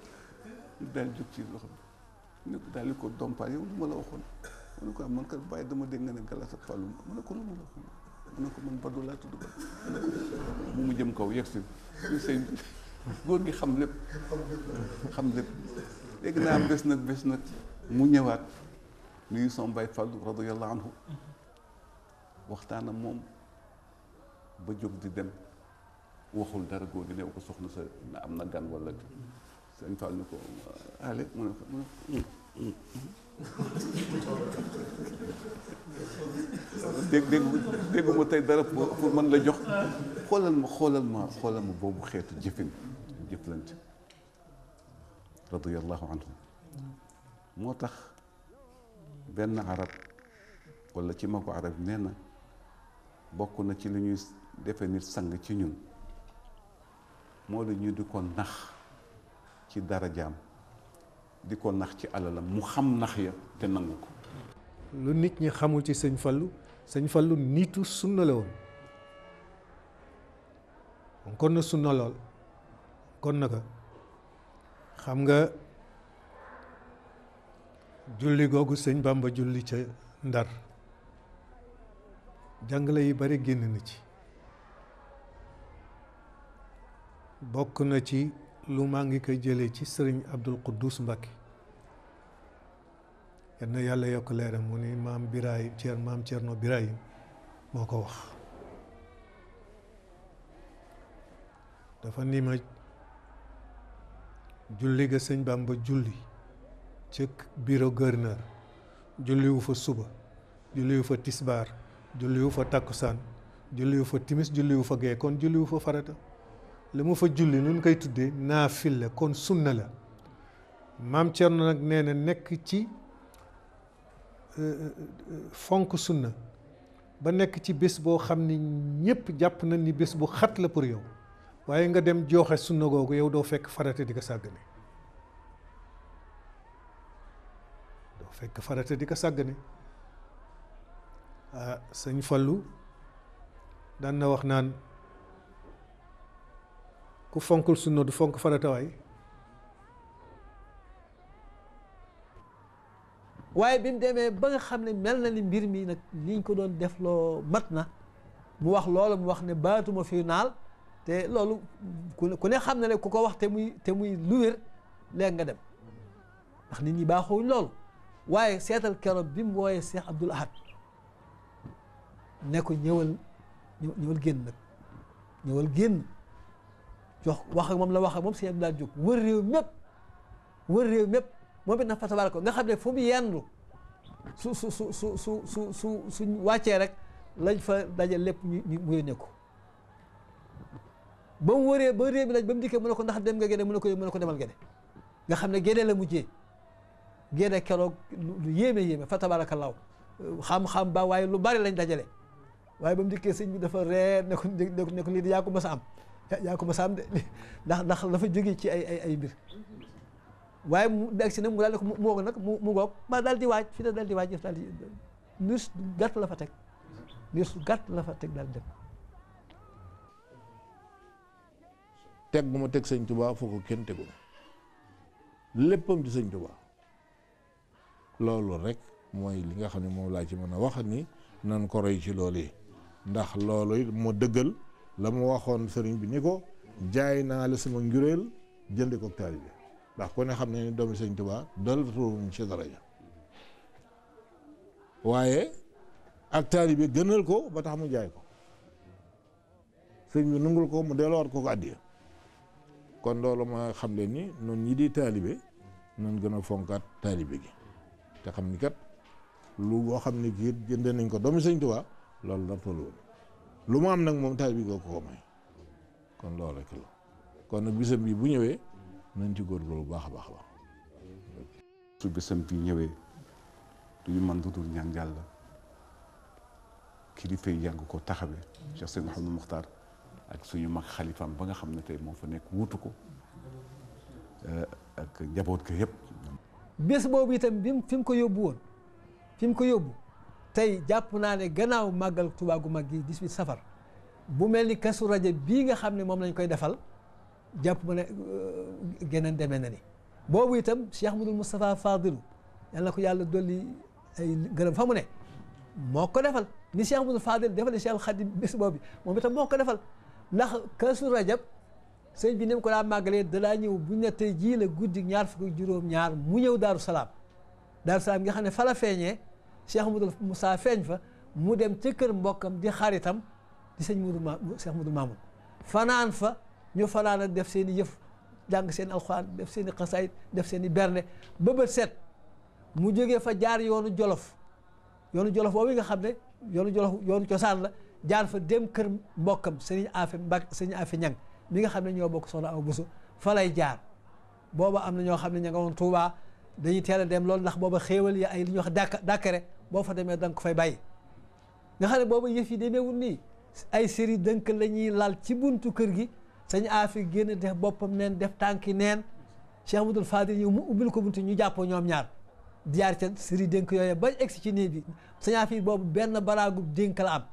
daal jóg ci loxo bi ne daal di ko dompaal yow lu ma la waxoon mu ne ko ah, man kat bàyyi dama dégg nga ne galas ak Fallou mu ko lu ma la mu mu jëm kaw yegg si sëñ góor gi xam lépp xam lépp dégg naa bes nag bés nag mu ñëwaat nuyu sama baay Fàllu radiyallahu anhu waxtaan ak moom ba jóg di dem waxul dara góor gi néew ko soxna sa am na gan wala sëñ Fall ni ko ale mu ne ko mu mm, ne mm, mm. dégg dégg dégguma tey dara pour mën la jox xoolal ma xoolal ma xoolal ma boobu xeetu jëfin jëflante radiyallahu anhu moo tax benn arab wala ci magu arab nee na bokk na ci li ñuy defe nit sang ci ñun moo di ñu di ko nax ci darajaam di ko nax ci alalam mu xam nax ya te nangu ko lu nit ñi xamul ci sëñ Fallu sëñ Fallu nitu sunna la woon kon na xam nga julli googu sëñ Bamba julli ca Ndar jàngale yi bari génn na ci bokk na ci lu maa ngi koy jële ci sëriñ Abdul Quddus Mbakke yenn yàlla yokk leeram mu ni maam Biraayim Ceer maam Ceerno Biraayim moo ko wax dafa ni ma julli ga sëñ Bamba julli ci bureau gouverneur julliwu fa suba julliwu fa tisbaar julliwu fa takkusaan julliwu fa timis julliwu fa gee kon julliwu fa farata li mu fa julli nun koy tuddee naa la kon sunna la maam Cerno nag nee na nekk ci euh, euh, euh, fonk sunna ba nekk ci bés boo xam ni ñëpp jàpp nañ ni bés bu xat la pour yow waaye nga dem jooxe sunna googu yow doo fekk farata di ko sàggane fekk farata di ko sàggane ah sëñ Fallu daan na wax naan ku fonkul sunna du fonk farata waay waaye bi mu demee ba nga xam ne mel na ni mbir mi nag liñ ko doon def loo mat na mu wax loolu mu wax ne baatuma fi naal te loolu ku ne xam na ne ku ko wax te muy te muy lu wér léegi nga dem ndax nit ñi baaxuñ loolu waaye seetal keroog bi mu wooyee Cheikh Abdoul Ahad ne ko ñëwal ñëwal génn nag ñëwal génn jox wax moom la wax moom Cheikh Abdoul Ahad jóg wër réew mépp wër réew mépp moom it na fa tabaaraka nga xam ne fu mu yendu su su su su su su su suñ wàccee rek lañ fa daje lépp ñu ñu mu yónnee ko ba mu wëree ba réew mi lañ ba mu dikkee mu ne ko ndax dem nga génne mu ne ko mu ne ko demal génne nga xam ne génne la mujjee génne keroog lu yéeme yéeme fa tabaarakallaahu xam-xam ba waaye lu bari lañ dajale waaye ba mu dikkee sëñ bi dafa reer ne ko ne ko lii di yaa ko mas am yaa ko mas am ndax ndax dafa jóge ci ay ay ay mbir waaye mu egg si nag mu daal ne mu ngoog nag mu ngoog ma daal di waaj fi ne daal di waaj daal di niis gàtt la fa teg niis gàtt la fa teg daal dem teg bu ma teg sëñ Tuubaa foo ko kenn tegul léppam di sëñ Tuubaa loolu rek mooy li nga xam ne moom laa ci mën a wax ni nan ko roy ci loolu yi ndax loolu moo dëggal la mu waxoon sëriñ bi ni ko jaay naa la sama njuréel jënd ko taalibe ndax ku ne xam ne ni doomi sëriñ Tuubaa dal tuum ci dara ja waaye ak taalibe gënal ko ba tax mu jaay ko sëriñ bi nungul ko mu delluwaat ko ko àddiya kon loolu ma xam leen ni noon ñi di taalibe nan gën a fonkaat taalibe gi te xam ni kat lu boo xam ne kii jënde nañ ko doomi sëñ Tuubaa loolu dara tollu lu mu am nag moom taal bi goo ko may kon loolu rek la kon nag bisam bi bu ñëwee nañ ci góorgóorlu bu baax a baax la su bisam bi ñëwee duñu mën dudul ñaan yàlla kilifa yi yàgg ko taxawee Cheikh Seydi Mouhamadou Mokhtar ak suñu mag xalifaam ba nga xam ne tey moo fa nekk wuutu ko eh, ak njaboot ko yëpp bés boobu itam bi fi mu ko yóbbu woon fi ko yóbbu tey jàpp naa ne gannaaw màggal Tuubaa gu mag gi safar bu mel ni kasu rajo bii nga xam ne moom lañ koy defal jàpp ma ne euh, geneen demee na ni boobu itam Cheikh Ahmadul Moustapha Fadilu yàlla na ko yàlla dolli ay gërëm fa mu ne moo ko defal ni Cheikh Ahmadul Fadil defal ni Cheikh Xadim bés boobu moom itam moo ko defal ndax kasu rajab sëñ bi ni mu ko daa màggalee dalaa ñëw bu ne tey jii la guddi ñaar fukki juróom-ñaar mu ñëw daaru salaam daaru salaam nga xam ne fa la feeñee Cheikh Moudou Moussa feeñ fa mu dem ci kër mbokkam di xaritam di sëñ Moudou Ma Cheikh Moudou Mamoun fanaan fa ñu fanaan a def seen i yëf jàng seen alxuraan def seen i def seen i berne ba bët set mu jógee fa jaar yoonu jolof yoonu jolof boobu nga xam ne yoonu jolof yoonu cosaan la jaar fa dem kër mbokkam sëñ Afe Mbak sëñ Afe mi nga xam ne ñoo bokk soxna aw busu fa lay jaar booba am na ñoo xam ne ña nga woon Touba dañuy teel a dem loolu ndax booba xéewal ya ay li ñuy wax dàkk dàkkare boo fa demee da ko fay bàyyi nga xam ne booba yëf yi demeewul nii ay séri dënk la ñuy lal ci buntu kër gi sañ aafi génn def boppam neen def tànki neen Cheikh Abdoul Fadil ñëw mu ubbil ko buntu ñu jàppoo ñoom ñaar jaar ca séri dénk yooyu bañ egsi ci néeg bi sañ aafi boobu benn baraagu dénk la am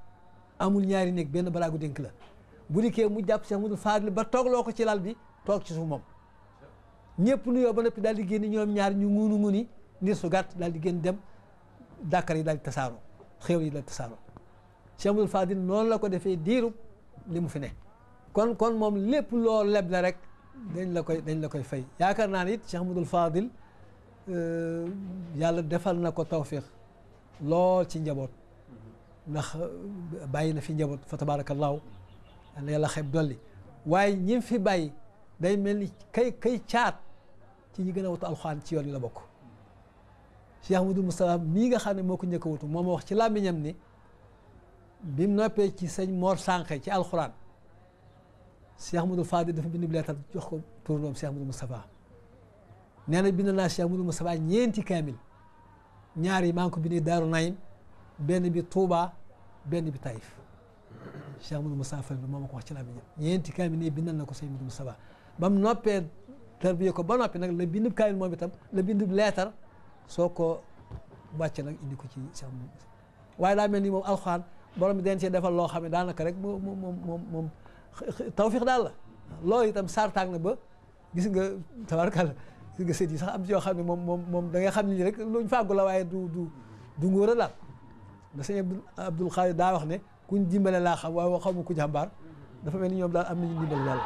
amul ñaari néeg benn baraagu dénk la bu dikkee mu jàpp Cheikh Modou Fadel ba loo ko ci lal bi toog ci suuf moom ñëpp nuyoo ba noppi daal di génn ñoom ñaar ñu ngunu nguni ndir su gàtt daal di génn dem Dakar yi daal di tasaaroo xéw yi daal di tasaaroo Cheikh Modou noonu la ko defee diirub li mu fi ne kon kon moom lépp loo leb rek dañ la koy dañ la koy fay yaakaar naa ne it Cheikh Modou Fadel euh, yàlla defal na ko tawfiq lool ci njaboot ndax bàyyi na fi njaboot fa tabaarakallaahu na yàlla dolli waaye ñim fi bàyyi day mel ni kay kay caat ci ñi gën a watu alxuraan ci yoon yi la bokk Cheikh Ahmadou Moustapha mii nga xam ne moo ko njëkk a watu moom wax ci làmmiñam ni bi mu noppee ci sëñ Mor Sànqe ci alxuraan Cheikh Ahmadou Fadil dafa bind leetar jox ko turandoom Cheikh mu Moustapha nee na bind naa Cheikh Ahmadou Moustapha ñeenti kaamil ñaar yi maa ngi ko bindee Daaru Naim benn bi Touba benn bi Taïf Cheikh Amadou Moussa moom bi moo ma ko wax ci laa mi ñëpp ñeenti kaamil ne bindal na ko sëñ Modou Ba mu noppee tarbiya ko ba noppi nag la bindub kaamil moom itam la bindub leetar soo ko wàcce nag indi ko ci Cheikh Amadou Moussa waaye daa mel ni moom alxuraan borom bi den cee defal loo xam ne daanaka rek moom moom moom moom tawfiq daal la loolu itam na ba gis nga tabarkàlla gis nga sët yi sax am moom moom moom da xam ni rek luñ fàggu la waaye du du du ngóor a daal da Abdul Xaadir daa wax ne kuñ dimbale laa xam waaye xaw ma kuñ xambaar dafa mel ni ñoom daal am nañu dimbale daal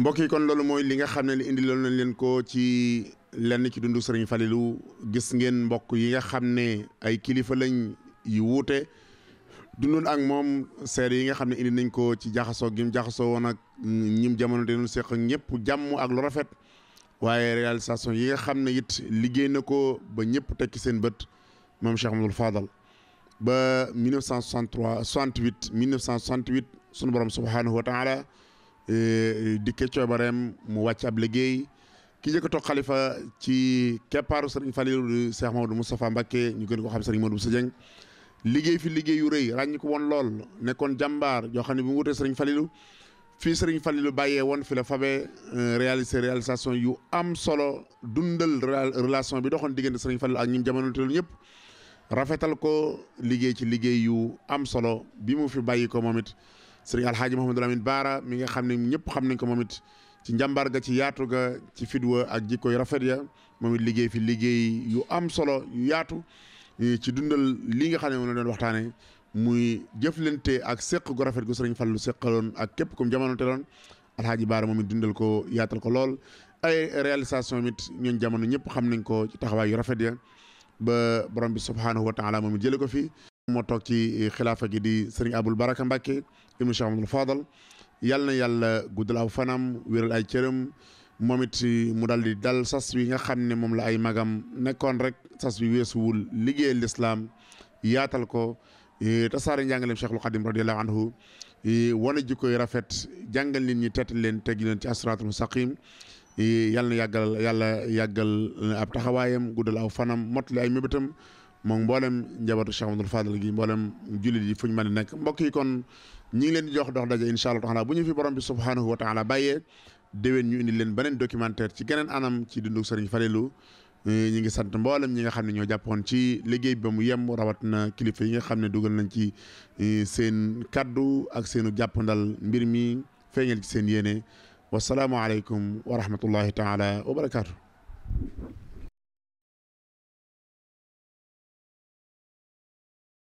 mbokk yi kon loolu mooy li nga xam ne indi loolu nañ leen ko ci lenn ci dundu Serigne Falilou gis ngeen mbokk yi nga xam ne ay kilifa lañ yu wuute dundoon ak moom seer yi nga xam ne indi nañ ko ci jaxasoo gi jaxasoo woon ak ñim jamono te ñu seq ñëpp jàmm ak lu rafet waaye réalisation yi nga xam ne it liggéey na ko ba ñëpp tekki seen bët moom Cheikh Amadou Fadal ba 1963 68 1968 sunu borom subhaanahu wa taala e, dikkee coobareem mu wàcc ab liggéey ki njëkk a toog xalifa ci keppaaru Serigne Falilou Cheikh Mamadou Moustapha Mbacké ñu gën ko xam Serigne Modou Moussa Dieng liggéey fi liggéey yu rëy ràññi ko woon lool nekkoon jàmbaar yoo xam ne bi mu wutee sëriñ Falilou fii sëriñ Falilou bàyyee woon fi la fabee euh, réalisé réalisation yu am solo dundal relation bi doxoon diggante sëriñ Falilou ak ñi jamono teelu ñëpp rafetal ko liggéey ci liggéey yu am solo bi mu fi bàyyi ko moom it sëriñ Alxaaji Mouhamadou Lamine Baara mi nga xam ne ñëpp xam nañ ko moom it ci njàmbaar ga ci yaatu ga ci fidwa ak jikko yu rafet ya moom it liggéey fi liggéey yu am solo yu yaatu Eh, ci dundal lii nga xam ne moom la doon waxtaanee muy jëflante ak seq gu rafet gu sëriñ Fallu seqaloon ak képp kum jamono teeloon alxaaji Baara moom it dundal ko yaatal ko lool. ay réalisation mit ñun jamono ñëpp xam nañ ko ci taxawaay yu rafet ya ba borom bi subhaanahu wa taala moom it jëlee ko fi. moo toog ci eh, xilaafa gi di sëriñ Abul Baraka Mbàkke ibnu Cheikh Amadou Fadal yàlla na yàlla guddal aw fanam wéral ay cëram. moom it mu dal di dal sas wi nga xam ne moom la ay magam nekkoon rek sas wi weesuwul liggéey lislaam yaatal ko e, tasaare njàngaleem Cheikhul Xadim radiyallahu anhu e, jikko yi rafet jàngal nit ñi teet leen teg leen ci asiraatul mustaqim e, yàlla na yàggal yàlla yàggal ab taxawaayam guddal aw fanam mottali ay mébétam moom mboolem njabootu Cheikh Amadou Fadal gi mboolem jullit yi fuñ mën a nekk mbokk yi kon ñi ngi leen di jox dox daje incha allah taala bu ñu bi subhanahu wa taala déwén ñu indi leen beneen documentaire ci geneen anam ci dundu Serigne Falilou eh, ñu ngi sant mboolem ñi nga xam ne ñoo jàppoon ci liggéey bi ba mu yem rawat na kilifa yi nga xam ne dugal nañ ci eh, seen kaddu ak seenu jàppandal mbir mi feeñal ci seen yéene wasalaamualeykum wa rahmatullahi taala wa